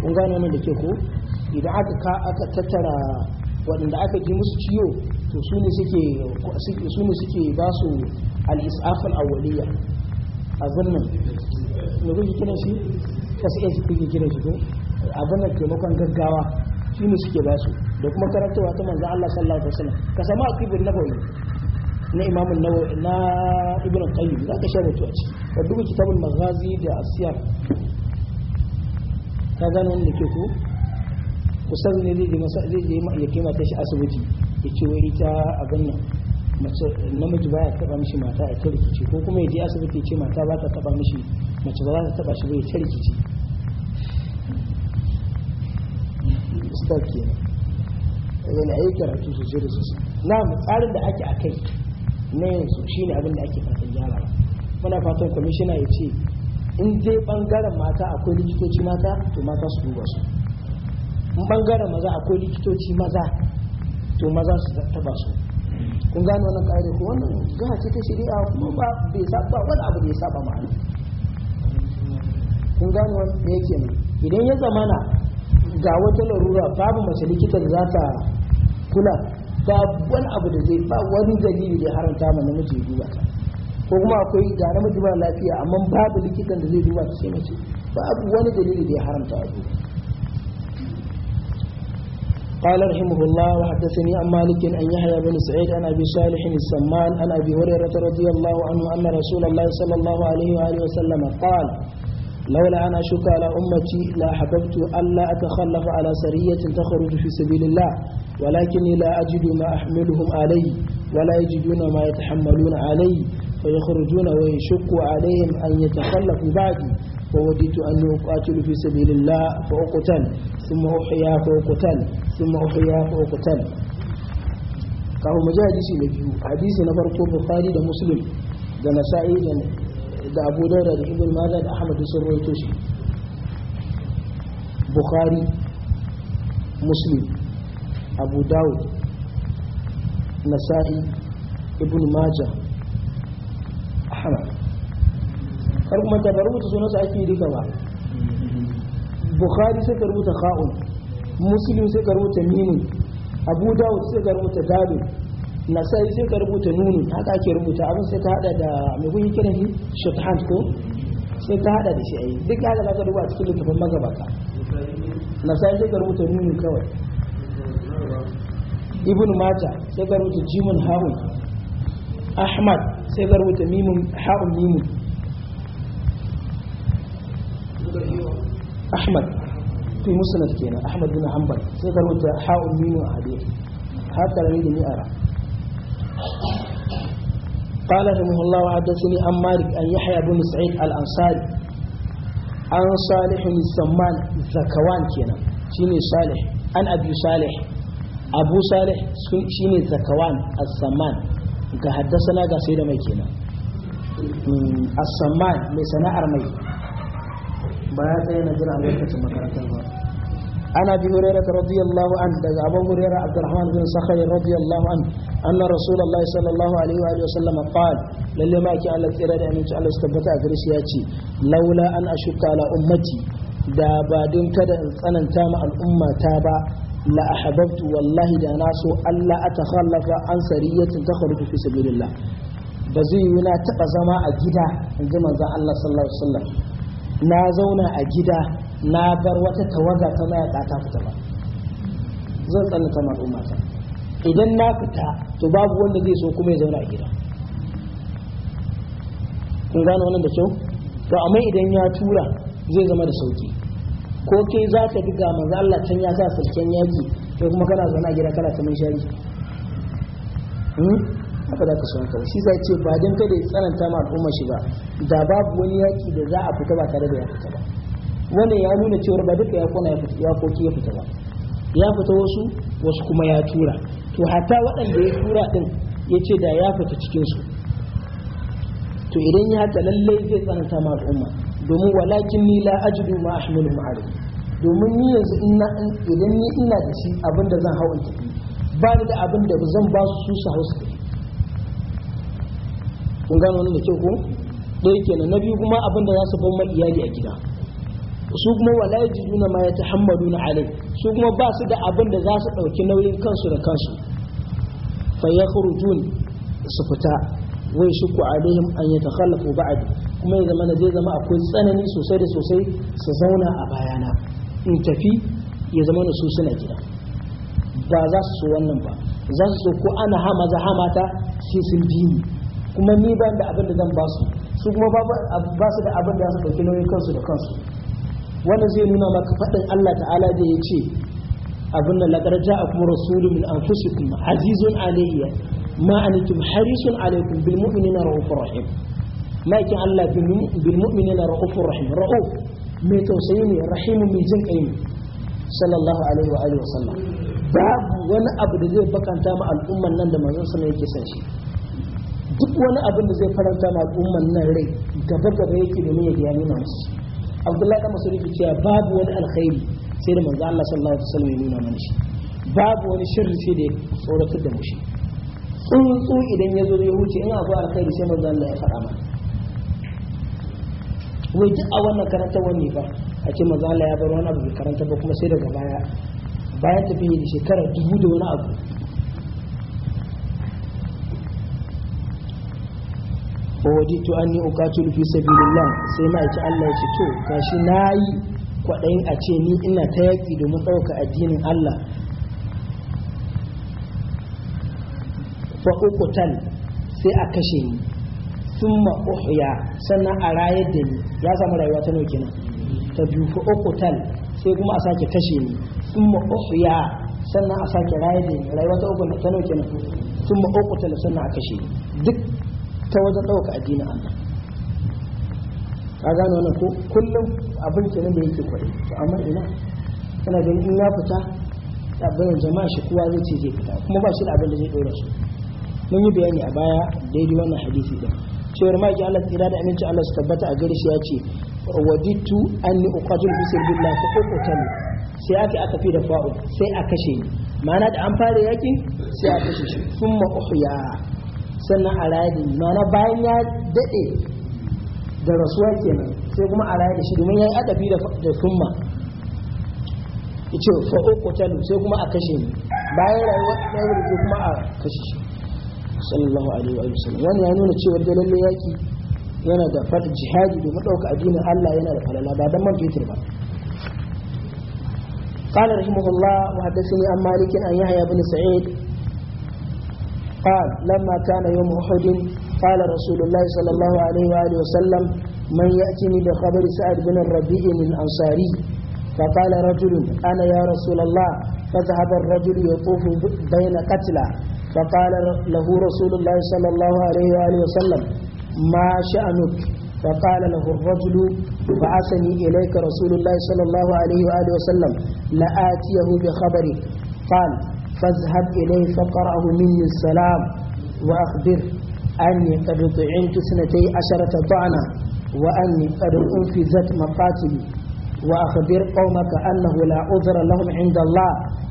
kun gane nan da ke ko idan aka ka aka tattara waɗanda aka ji musu ciwo to su ne suke su ne suke ba su al-isaf al-awwaliya a zannan ne kuke kiran shi kasu kuke kiran shi ko abin nan taimakon gaggawa shi ne suke ba su da kuma karantawa ta manzon Allah sallallahu alaihi wasallam ka samu aqibul nabawi na imamun nawawi na ibn qayyim zaka sha mutu a ciki ka duba kitabul maghazi da asiyar ka gane wanda ke ku ku kusan ne zai je masa zai je ya kai mata shi asibiti ya ce wai ita abin nan mace namiji ba ya taba mishi mata a tarkice ko kuma ya je asibiti ya ce mata ba ta taba mishi mace ba za ta taba shi ba ya tarkice Ustaz kenan yana yi karatu sosai da su na tsarin da ake a kai na yanzu shi ne abin da ake fatan gyara muna fatan kwamishina ya ce in dai bangaren mata akwai likitoci mata to mata su duba su in bangaren maza akwai likitoci maza to maza su taba su kun gano wannan ƙa'ida ko wannan jiha ce ta shari'a kuma ba bai saba wani abu da ya saba ma'ana kun gano wannan da yake ne idan ya zamana ga wata larura babu mace likita da za ta kula ba wani abu da zai ba wani dalili da haramta ma namiji ya duba ta ko kuma akwai ga namiji ba lafiya amma babu likitan da zai duba ta sai mace babu wani dalili da ya haramta a duba قال رحمه الله وحدثني عن مالك عن يحيى بن سعيد عن ابي صالح السمان عن ابي هريره رضي الله عنه ان رسول الله صلى الله عليه واله وسلم قال لولا أن أشك على أمتي لا حببت ألا أتخلف على سرية تخرج في سبيل الله ولكني لا أجد ما أحملهم عليه ولا يجدون ما يتحملون عليه فيخرجون ويشق عليهم أن يتخلفوا بعدي فوددت أني أقاتل في سبيل الله فأقتل ثم أحيا فأقتل ثم أحيا فأقتل كهو مجاهد سيدي حديث نفر بخاري ومسلم da nasa'i da da abu daura da ibn maza da ahmad sun rawaito shi bukhari muslim abu dawud nasa'i ibn maja ahmad har kuma ta rubuta sunansa ake duka ba bukhari sai ka rubuta kha'un muslim sai ka rubuta mimun abu dawud sai ka rubuta dalil na sai sai ka rubuta ta haka ake rubuta abin sai ka hada da mai kun yi kiran shi shatahan ko sai ka hada da shi ai duk haka ga ka duba cikin littafin magabata na sai sai ka rubuta nuni kawai ibn mata sai ka rubuta jimin harun ahmad sai ka rubuta mimun harun mimun ahmad fi musnad kenan ahmad bin hanbal sai ka rubuta ha'un mimin a hadith haka ne da ni ara قال رحمه الله حدثني عمار بن يحيى بن سعيد الانصاري عن صالح بن سمان زكوان كنا شيني صالح عن ابي صالح ابو صالح شيني زكوان السمان كحدثنا قصيدة ميكينا السمان من لسنا أرمي بياتي نجر عن ذلك المكان أنا أبي هريرة رضي الله عنه أبو هريرة عبد الرحمن بن سخي رضي الله عنه anna rasulullahi sallallahu alaihi wa sallam qal lalle ma ki Allah tsira da aminci Allah su tabbata a ya ce laula ana ashuka ala ummati da ba din kada in tsananta ma al'umma ba la ahbabtu wallahi da na so Allah atakhallafa an sariyatin takhruju fi sabilillah ba zai yi na taba zama a gida in ji manzon Allah sallallahu na zauna a gida na bar wata ta zan tsananta idan na fita to babu wanda zai so kuma ya zauna a gida kun gano wannan da kyau to amma idan ya tura zai zama da sauki ko kai za ka ga manzo Allah can ya sa sarkin yaki kai kuma kana zauna a gida kana ta mai hmm haka za ka so hankali shi zai ce ba don kada ya tsananta ma al'umma shi ba da babu wani yaki da za a fita ba tare da ya fita ba wannan ya nuna cewar ba duka ya kona ya koki ya fita ba ya fita wasu wasu kuma ya tura to hatta waɗanda ya tura ɗin ya ce da ya fita cikinsu to idan ya hata lallai zai tsananta ma al'umma domin walakin ni la ajidu ma ahmilu ma'aruf domin ni yanzu ina idan ni ina da shi abinda zan zan in tafi ba ni da abin da zan ba su su su hau su tafi kun gano wani da kyau ko ɗaya kenan na biyu kuma abin da za su bar iyali a gida su kuma wala yajiduna ma yatahammaduna alai su kuma ba su da abin da za su dauki nauyin kansu da kansu fa yakhrujun su fita wai ku alaihim an yatakhallafu ba'd kuma ya zama zai zama akwai tsanani sosai da sosai su zauna a bayana in tafi ya zama su suna gida ba za su so wannan ba za su so ko ana hama za hamata sai sun bi ni kuma ni ban da abin da zan ba su su kuma ba su da abin da za su ɗauki nauyin kansu da kansu wannan zai nuna maka faɗin Allah ta'ala da ya ce abin nan laqad ja'akum rasulun min anfusikum azizun alayya ma anitum harisun alaykum bil mu'minina raufur rahim maikin Allah bil mu'minina raufur rahim rauf mai tausayi ne rahimu mai jin kai sallallahu alaihi wa alihi wasallam babu wani abu da zai bakanta ma al'umman nan da manzon sallallahu yake san shi duk wani abin da zai faranta ma al'umman nan rai gaba gaba yake domin ya gaya nuna musu abdullahi dan masudi cewa babu wani alkhairi sai da manzo Allah sallallahu alaihi wasallam ya nuna mana shi babu wani sharri sai da tsoratar da mu shi tsuntsu idan ya zo ya huce in akwai alkhairi sai manzo Allah ya faɗa mana wai duk a wannan karantar wani ba a ce manzo Allah ya bar wani abu karanta ba kuma sai daga baya bayan tafiye da shekara dubu da wani abu an ni ukatul fi sabilillah sai ma yace Allah ya ce to kashi nayi kwadayin a ce ni ina ta yaki domin ɗauka addinin Allah fa uqtal sai a kashe ni summa uhya sannan a rayar da ni ya samu rayuwa ta nawa kenan ta biyu fa uqtal sai kuma a sake kashe ni summa uhya sannan a sake rayar da ni rayuwa ta uku ta nawa kenan summa uqtal sannan a kashe ni duk ta wajen ɗauka addinin Allah ka gano wannan ko kullum abin kenan da yake kwari to amma ina kana ganin in ya fita abin jama'a shi kowa zai ce zai fita kuma ba shi da abin da zai ɗora su mun yi bayani a baya daidai wannan hadisi din cewar ma ki Allah tsira da aminci Allah su tabbata a gare shi ya ce waditu anni uqatil fi sabilillah fa uqtalu sai aka aka fi da fa'u sai a kashe ni ma'ana da an fara yaƙi sai a kashe shi summa uhya sannan a raya da mana bayan ya daɗe da rasuwa kenan sai kuma a raya da shi domin ya yi adabi da summa ya ce kotalu sai kuma a kashe ni bayan rayuwa ɗaya da ke kuma a kashe shi sallallahu alaihi wa sallam wani ya nuna cewa da lalle yaki yana da fata jihadi domin ɗauka addinin Allah yana da falala ba don man fitir ba قال رحمه الله وحدثني عن مالك عن يحيى بن سعيد قال لما كان يوم أحد قال رسول الله صلى الله عليه وآله وسلم من يأتني بخبر سعد بن الربيع الأنصاري فقال رجل أنا يا رسول الله فذهب الرجل يطوف بين قتلى فقال له رسول الله صلى الله عليه وآله وسلم ما شأنك فقال له الرجل بعثني إليك رسول الله صلى الله عليه وآله وسلم لآتيه بخبرك قال فاذهب إليه فقرأه مني السلام وأخبر أني قد طعنت سنتي عشرة طعنة وأني قد أنفذت مقاتلي وأخبر قومك أنه لا عذر لهم عند الله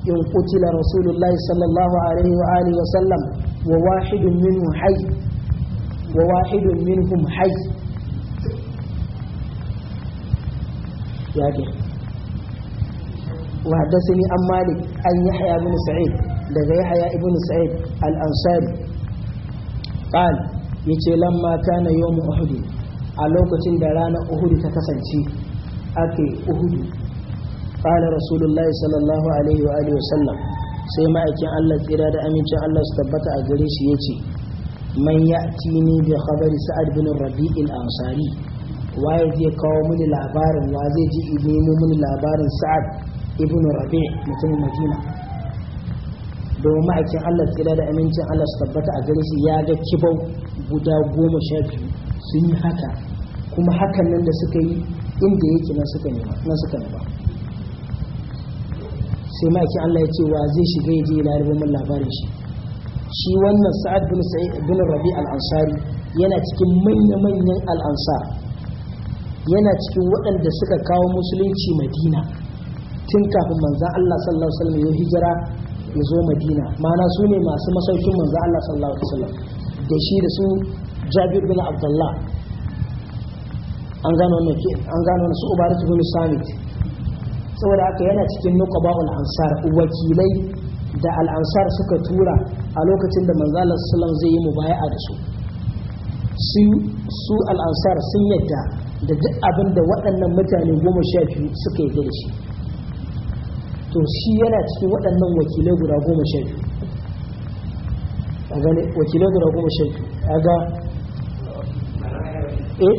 إن قتل رسول الله صلى الله عليه وآله وسلم وواحد منهم حي وواحد منهم حي يا وحدثني عن مالك عن يحيى بن سعيد لدى يحيى بن سعيد الأنصاري قال يتي لما كان يوم أحد ألوكة درانا أحد تكسنشي أكي أحد قال رسول الله صلى الله عليه وآله وسلم sai ma'aikin Allah tsira da amincin Allah su tabbata a gare shi ya ce man ya ci ne bi khabari sa'ad bin rabi'il ansari waye zai kawo mini labarin wa zai ji ibe mini labarin sa'ad ibn rabi mutum madina domin ma'aikin allah tsira da amincin allah su tabbata a gare shi ya ga kibau guda goma sha biyu sun yi haka kuma hakan nan da suka yi inda yake na suka nema na suka sai ma'aikin allah ya ce wa zai shiga ya je ya labarin shi shi wannan sa'ad bin sa'id bin rabi al-ansari yana cikin manya-manyan al-ansar yana cikin waɗanda suka kawo musulunci madina tun kafin manzan Allah sallallahu alaihi wasallam ya hijira ya zo Madina mana su ne masu masaukin manzan Allah sallallahu alaihi wasallam da shi da su Jabir bin Abdullah an gano ne an gano su Ubarat bin Samit saboda haka yana cikin nuqaba'ul ansar wakilai da al'ansar suka tura a lokacin da manzan Allah sallallahu alaihi zai yi mubaya'a da su su al'ansar sun yadda da duk abin da waɗannan mutane goma sha biyu suka yi da shi to shi yana cikin waɗannan wakilai guda goma sha biyu a gane wakilai guda goma sha biyu a ga eh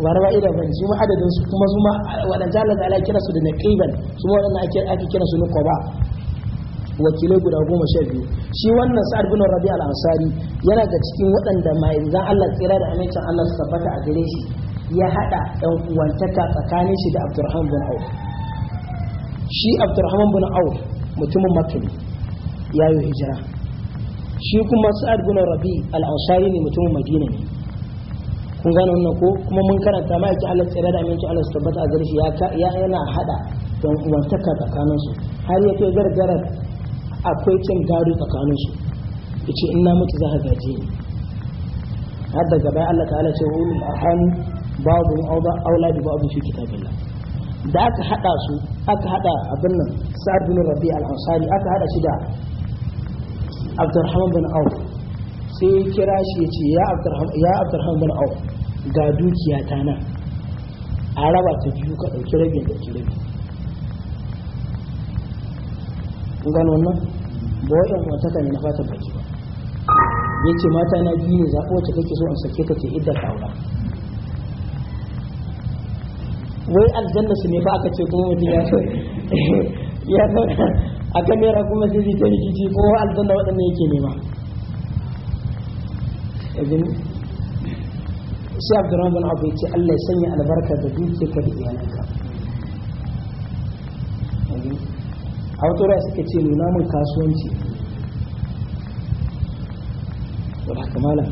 ba rawa ida bane su ma su kuma su ma waɗanda Allah ta'ala kira su da naqiban su ma waɗanda ake kira su nuqaba wakilai guda goma sha biyu shi wannan sa'ad bin rabi al-ansari yana da cikin waɗanda ma'aizan Allah tsira da amincin Allah su tabbata a gare shi ya haɗa ɗan uwantaka tsakanin shi da Abdurrahman bin Auf shi abdurrahman bin auf mutumin makka ne ya yi hijira shi kuma sa'ad bin rabi al-ansari ne mutumin madina ne kun gano wannan ko kuma mun karanta ma yake Allah tsira da aminci Allah su tabbata a gare shi ya yana hada don uwantaka tsakanin su har yake gargara akwai cin gado tsakanin su yace in mutu za ka gaje ni har daga baya Allah ta'ala ce ulul arham ba'dhum awla bi ba'd fi kitabillah da aka hada su aka hada abin nan sa'ad bin rabi al-ansari aka hada shi da abdurrahman bin auf sai ya kira shi ya ce ya abdurrahman bin auf ga dukiya ta nan a raba ta biyu ka dauki rabin da ki rabi kun nan, wannan ba wa'in wata yi na fatan baki ba ya ce mata na biyu ne zaɓo wacce kake so in sake ka ce idda ta aura wai aljanna su ne ba aka ce kuma mutum ya ya a kamera kuma sai zai ta rikici ko aljanna waɗanda yake nema abin sai abdurrahman bin abu ce Allah ya sanya albarka da dukiyarka da iyalanka a wata ruwa suka ce nuna mun kasuwanci wadda kamala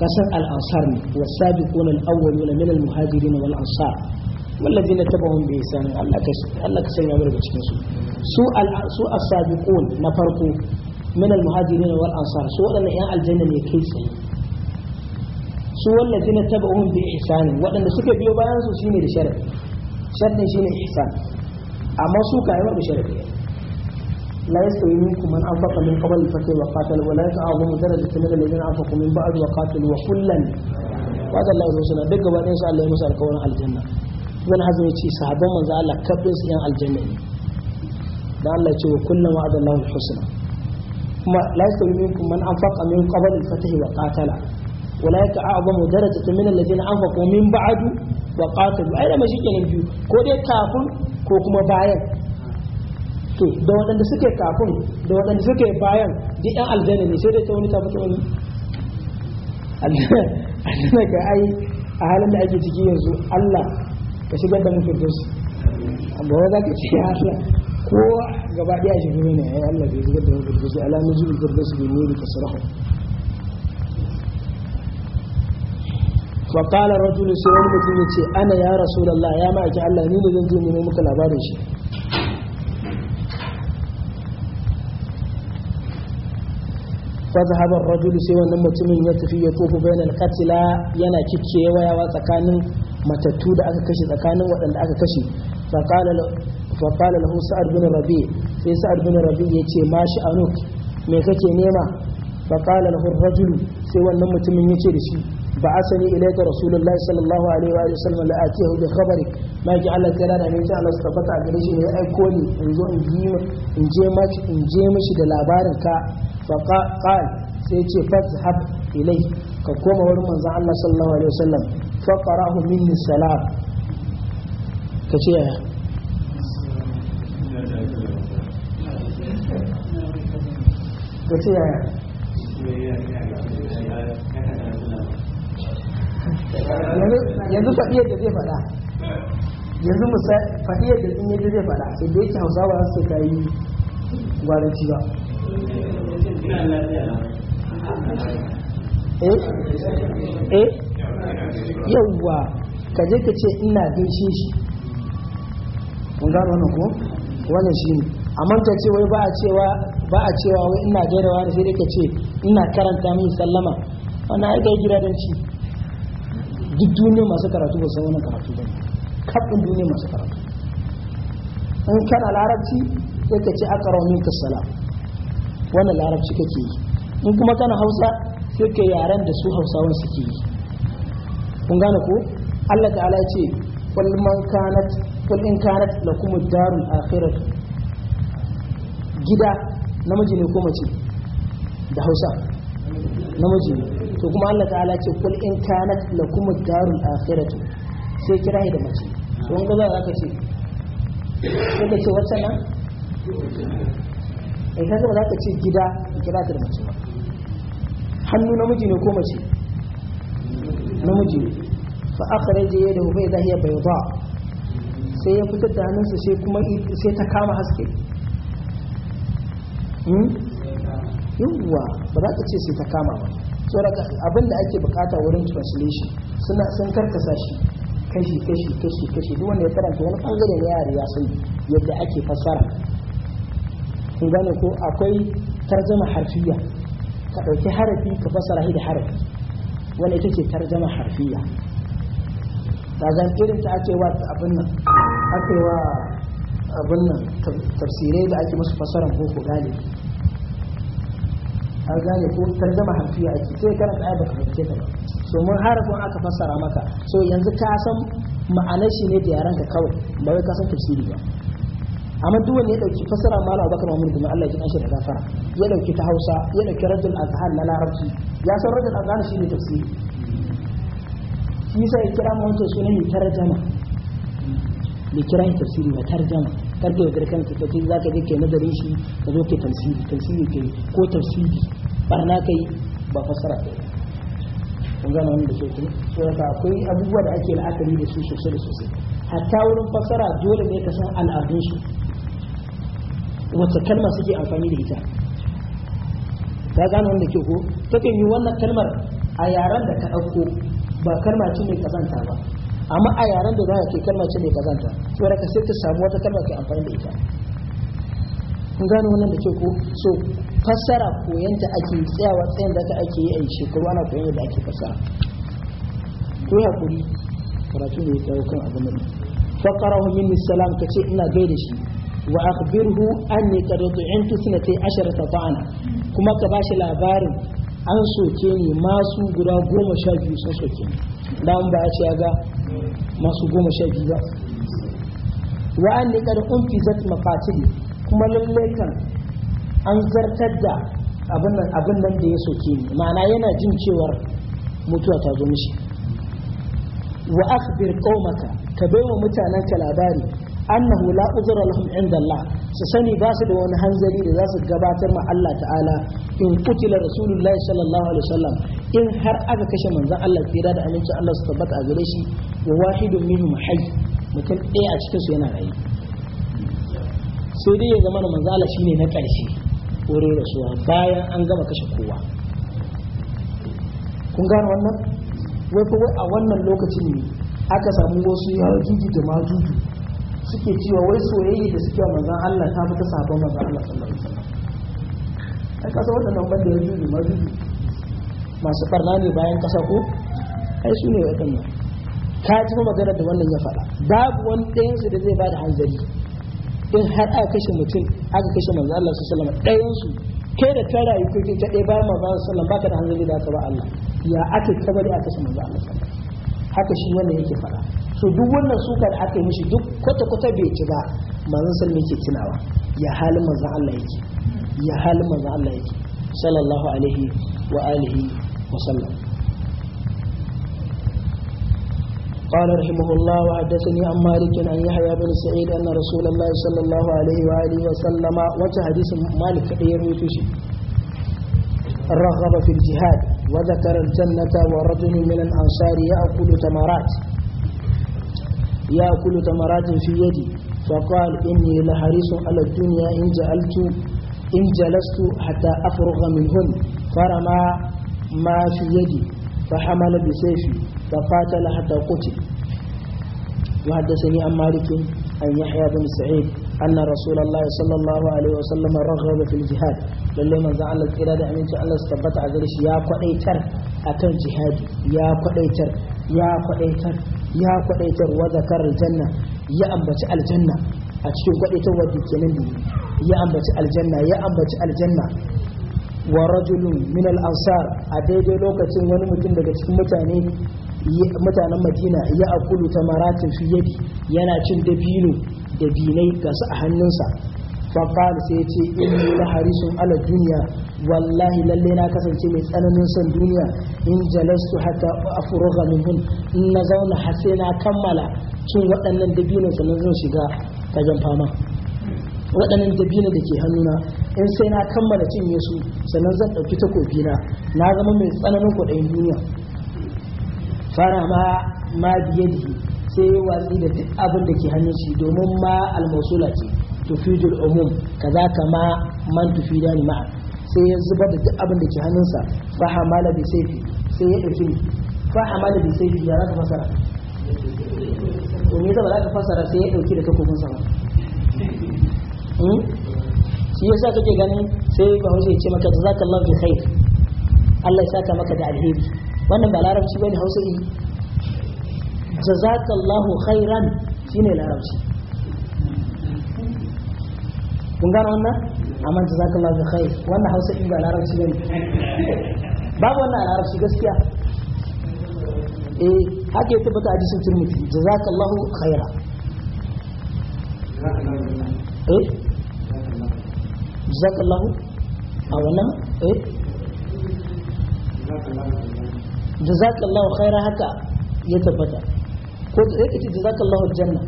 kasar al'ansar ne wasabi kunan awwalu na minal muhajirin wal ansar والذين تبعهم بإحسان الله كسر من بتشكين سو سوء سوء السابقون نفرقوا من المهاجرين والأنصار سوء أن يا الجنة يكيس سوء الذين تبعهم بإحسان وأن سوء بيو بيان سو سيني لشرط شرط شيني إحسان أما سوء كايما بشرط لا يستوي منكم من أنفق من قبل الفتح وقاتل ولا يتعاظم درجة من الذين أنفقوا من بعد وقاتلوا وكلا وهذا الله يرسل بك وبعدين سأل الله يمسأل على الجنة ibn hazm ya ce sahabban manzo Allah kafin su yan aljanna ne dan Allah ya ce wa kullum wa'adallahu al-husna kuma la yastawi minkum man anfaqa min qabl al-fath wa qatala ولئك أعظم درجة من Wa أنفقوا من ma وقاتلوا أين biyu ko dai كودي ko kuma bayan? to da waɗanda suke kafin da waɗanda suke bayan duk yan aljanna ne sai dai ta wani ta fito wani aljanna ga ai a halin da ake ciki yanzu Allah ka shigar da mutum tosi amma wanda ka ce ya Allah kowa gaba ɗaya shi kuma ne ya Allah bai shigar da mutum tosi alamun zubi firdausi bai nuri ta sarahu فقال الرجل سيرون mutum ya ce ana ya rasulullah ya ma ake Allah ni ne zan je nemo muka labarin shi فذهب الرجل سيرون mutumin ya tafi ya tufu bainal qatila yana kikkewa yawa tsakanin matattu da aka kashe tsakanin waɗanda aka kashe faƙala lahu sa'ad bin rabi sai sa'ad bin rabi ya ce ma anuk me kake nema faƙala lahu rajulu sai wannan mutumin ya ce da shi ba asani ilaika rasulullahi sallallahu alaihi wa sallam la atiyahu bi khabarik ma ji Allah ta da min Allah su tabbata a gare shi ne aiko ni in zo in ji in je mashi in je mishi da labarin ka faƙal sai ya ce fazhab ilai ka koma wurin manzon Allah sallallahu alaihi wa sallam فقرأه مني السلام كشيء كشيء yanzu faɗiyar da zai faɗa yanzu faɗiyar da in yadda zai faɗa sai da yake hausawa su ka yi gwaranci ba eh eh yauwa ka je ka ce ina gaishe shi kun ga wannan ko wannan ne. amma ta ce wai ba a cewa ba a cewa wai ina gaira wani sai dai ka ce ina karanta min sallama wannan ai kai gida dan ci duk duniya masu karatu ba san wannan karatu ba kafin duniya masu karatu in kana larabci sai ka ce aqra ka salam wannan larabci kake yi in kuma kana hausa sai ka yaren da su hausawan suke yi kun gane ko Allah ta'ala ya ce kul man kanat kul in kanat lakum darul akhirah gida namiji ne ko mace da Hausa namiji ne to kuma Allah ta'ala ce kul in kanat lakum darul akhirah sai kira da mace to wanda za ka ce sai ce wacce nan eh kaga ba za ka ce gida kira ta da mace ba hannu namiji ne ko mace namiji fa akhraja yadahu fa idha hiya bayda sai ya fitar da hannunsa sai kuma sai ta kama haske hmm? yawwa ba za ka ce sai ta kama ba tsoraka abin da ake bukata wurin translation suna sun karkasa shi kashi kashi kashi kashi duk wanda ya karanta wani bangare na yare ya sani yadda ake fassara kun gane ko akwai tarjama harfiya ka ɗauki harafi ka fassara shi da harafi wani ita ce tarjama harfiya ta zan irin ta ake wa abin nan ake wa abin nan tafsirai da ake musu fasaran boko gane an gane ko tarjama harfiya ake sai karanta ayat baka fahimce ta ba so mun harafin aka fassara maka so yanzu ka san ma'anar shi ne da yaran ka kawai ba wai ka san tafsiri ba amma duk wanda ya dauki fasara malam Abubakar Muhammad bin Allah ya kanshi da gafara ya dauki ta Hausa ya dauki rajul azhar na larabci ya san rajul azhar shine tafsiri shi sai kira mu wancan sunan ne tarjama ne kira ni tafsiri ba tarjama karke da garkan ka za ka je kai nazarin shi ka zo kai tafsiri tafsiri kai ko tafsiri barna kai ba fasara kai kun gane wani da ke tuni so da akwai abubuwa da ake la'akari da su sosai da sosai hatta wurin fasara dole ne ka san al'adun su wacce kalma suke amfani da ita ta gane wanda ke ko takan yi wannan kalmar a yaren da ka ɗauko ba kalma ce mai kazanta ba amma a yaren da za a ke kalma ce mai kazanta saboda ka sai ka samu wata kalma ke amfani da ita kun gane wannan da ke ko so fassara koyan ta ake tsayawa tsayin da ta ake yi a shekaru ana koyan yadda ake fassara ko ya kuri karatu da ya tsawo kan abin nan fakarahu minni salam kace ina gaida shi wa akhbirhu anni qad tu'intu sanati asharata ta'ana kuma ka bashi labarin an soke ni masu guda goma sha biyu sun soke ni da an ba shi ga masu goma sha biyu ba wa anni qad zat mafatili kuma lalle kan an zartar da abin nan da ya soke ni ma'ana yana jin cewar mutuwa ta zo mishi wa akhbir qaumaka ka baiwa ka labari annahu la uzra lahum inda Allah su sani ba su da wani hanzari da za su gabatar ma Allah ta'ala in kutila rasulullahi sallallahu alaihi wasallam in har aka kashe manzon Allah da amincin Allah su tabbata a gare shi wa wahidun minhum hayy mutum ɗaya a cikin su yana rayu sai dai ya zama da manzon Allah shine na ƙarshe wurin rasuwa bayan an gama kashe kowa kun gane wannan wai a wannan lokacin ne aka samu wasu ya jiji da ma suke cewa wai soyayya da suke manzan Allah ta fi ta sabon manzan Allah sallallahu alaihi wasallam ai kasa da banda yanzu ne mazu masu farna ne bayan kasa ko kai su ne wannan ka ji magana da wannan ya faɗa babu wani ɗayan su da zai bada hanzari in har aka kashe mutum aka kashe manzan Allah sallallahu alaihi wasallam ɗayan su ke da ta rayu ko ta ɗaya bayan manzan Allah sallallahu baka da hanzari da ka ba Allah ya ake kabari aka kashe manzan Allah sallallahu haka shi wannan yake faɗa so duk wannan suka da aka yi mishi duk kwata-kwata bai ci ba manzon sallallahu alaihi wasallam tunawa ya halin manzon Allah yake ya halin manzon Allah yake sallallahu alaihi wa alihi wa sallam قال رحمه الله وحدثني عن مالك عن يحيى بن سعيد ان رسول الله صلى الله عليه واله وسلم وجه حديث مالك يروي شيء رغب في الجهاد وذكر الجنة ورجل من الأنصار يأكل تمرات ya kulu ta maratin fi yadi faƙal inni la harisun ala duniya in ja'altu in jalastu hatta afruga minhum fara ma ma fi yadi fa hamala bi sayfi fa qatala hatta qutil wa hadathani an malik an yahya bin sa'id anna rasulullahi sallallahu alaihi wa sallam raghaba fil jihad lalle man za'ala kira da aminci Allah tabbata a gare shi ya kwadaitar akan jihad ya kwadaitar ya kwadaitar ya kwadaitar wa zakar aljanna ya ambaci aljanna a cikin kwadaitar wa kenan da ya ambaci aljanna ya ambaci aljanna wa rajulun min al-ansar a daidai lokacin wani mutum daga cikin mutane mutanen madina ya akulu tamaratin fi yadi yana cin dabino dabinai ga su a hannunsa fakar sai ya ce in yi na harisun ala duniya wallahi lallai na kasance mai tsananin son duniya in jalastu hatta a furuwa mimbin na zauna hasse na kammala cin waɗannan dabinan sannan zan shiga tagen fama waɗannan dabinan da ke hannuna in sai na kammala cinye su sannan zan ɗauki takobi na na zama mai tsananin kuɗin duniya fara ma ma biye sai watsi da duk abin da ke hannun shi domin ma almasula ce tufidul umum kaza kama man tufidani ma'a sai ya zubar da duk abin da ke hannunsa fa hamala bi sayfi sai ya dauki ni fa hamala bi sayfi ya zaka fasara to me da ba zaka fasara sai ya dauki da takobin sa hmm? shi yasa kake ganin sai ba hausa ya ce maka jazakallahu bi khair Allah ya saka maka da alheri wannan ba larabci bane hausa ne jazakallahu khairan shine larabci kun gano wannan amma za zaka lafi kai wannan hausa ɗin ba larabci ne babu wannan larabci gaskiya eh haka ya tabbata a jisun turmiti jazakallahu khaira eh jazakallahu a wannan eh jazakallahu khaira haka ya tabbata ko da yake jazakallahu janna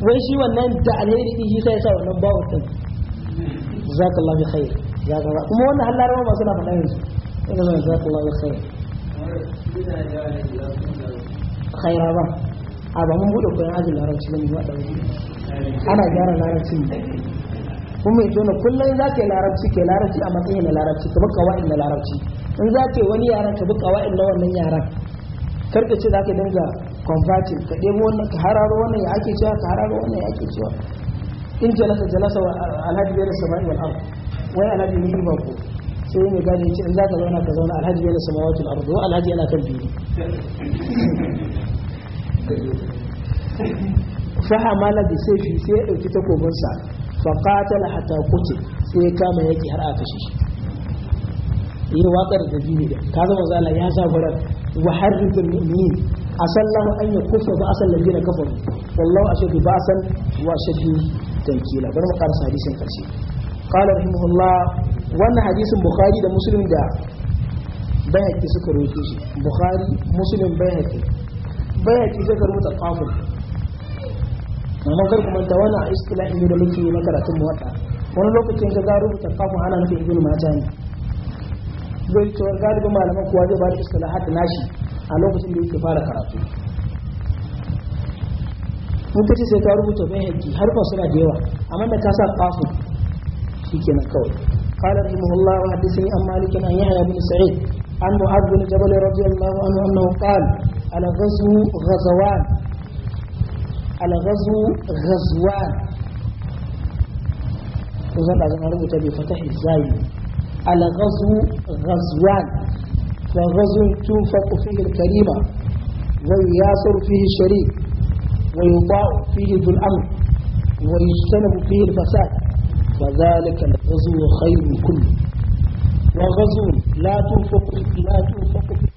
wai shi wannan da alheri din shi sai ya sa wannan bawon din jazakallahu bi khair jazakallahu kuma wannan har larabawa masu na faɗa yanzu ina zan jazakallahu bi khair khaira ba a ba mun bude koyan ajin larabci ne ba da ana gyara larabci ne kuma ito na kullum za ka yi larabci ke larabci a matsayin na larabci ka buka wa'in na larabci in za ka yi wani yaran ka buka wa'in na wannan yaran karka ce za ka dinga converting ka ɗebo wannan ka hararo wannan ya ake cewa ka hararo wannan ya ake cewa in jalasa jalasa wa alhaji bai da sama'i wal ard wai alhaji ne ba ko sai mai gadi ya ce in za ka zauna ka zauna alhaji bai da sama'i wal ard wa alhaji yana kan biyu fa hamala sai sayfi sai ya dauki takobin sa fa qatala hatta kuti sai ya kama yaki har aka kashe shi yi watsar da bibi da ka zama zala ya sa wa wa harritul mu'minin asallahu an ya kufa ba asal ladina kafaru wallahu ashadu ba'san wa ashadu tankila bari mu karasa hadisin karshe qala rahimahullah wannan hadisin bukhari da muslim da bayhaqi suka rawaito shi bukhari muslim bayhaqi bayhaqi suka rubuta qaful amma kar kuma ta wannan istilahi ne da muke na karatun muwatta wani lokacin ka ga rubuta qaful ana nufin ibnu ta ne zai ta galibin malaman kuwa zai ba da istilahat nashi a lokacin da yake fara karatu mun kace sai ka rubuta bai haƙi har ba suna da yawa amma da ka sa qafu shikenan kawai قال رحمه الله وحدثني عن مالك عن يحيى بن سعيد عن معاذ بن جبل رضي الله عنه انه قال على غزو غزوان على غزو غزوان وزاد على غزو بفتح الزاي على غزو غزوان فغزو تنفق فيه الكريمة وياسر فيه الشريك ويطاع فيه ذو الأمر ويجتنب فيه الفساد فذلك الغزو خير كله وغزو لا تنفق لا تنفق فيه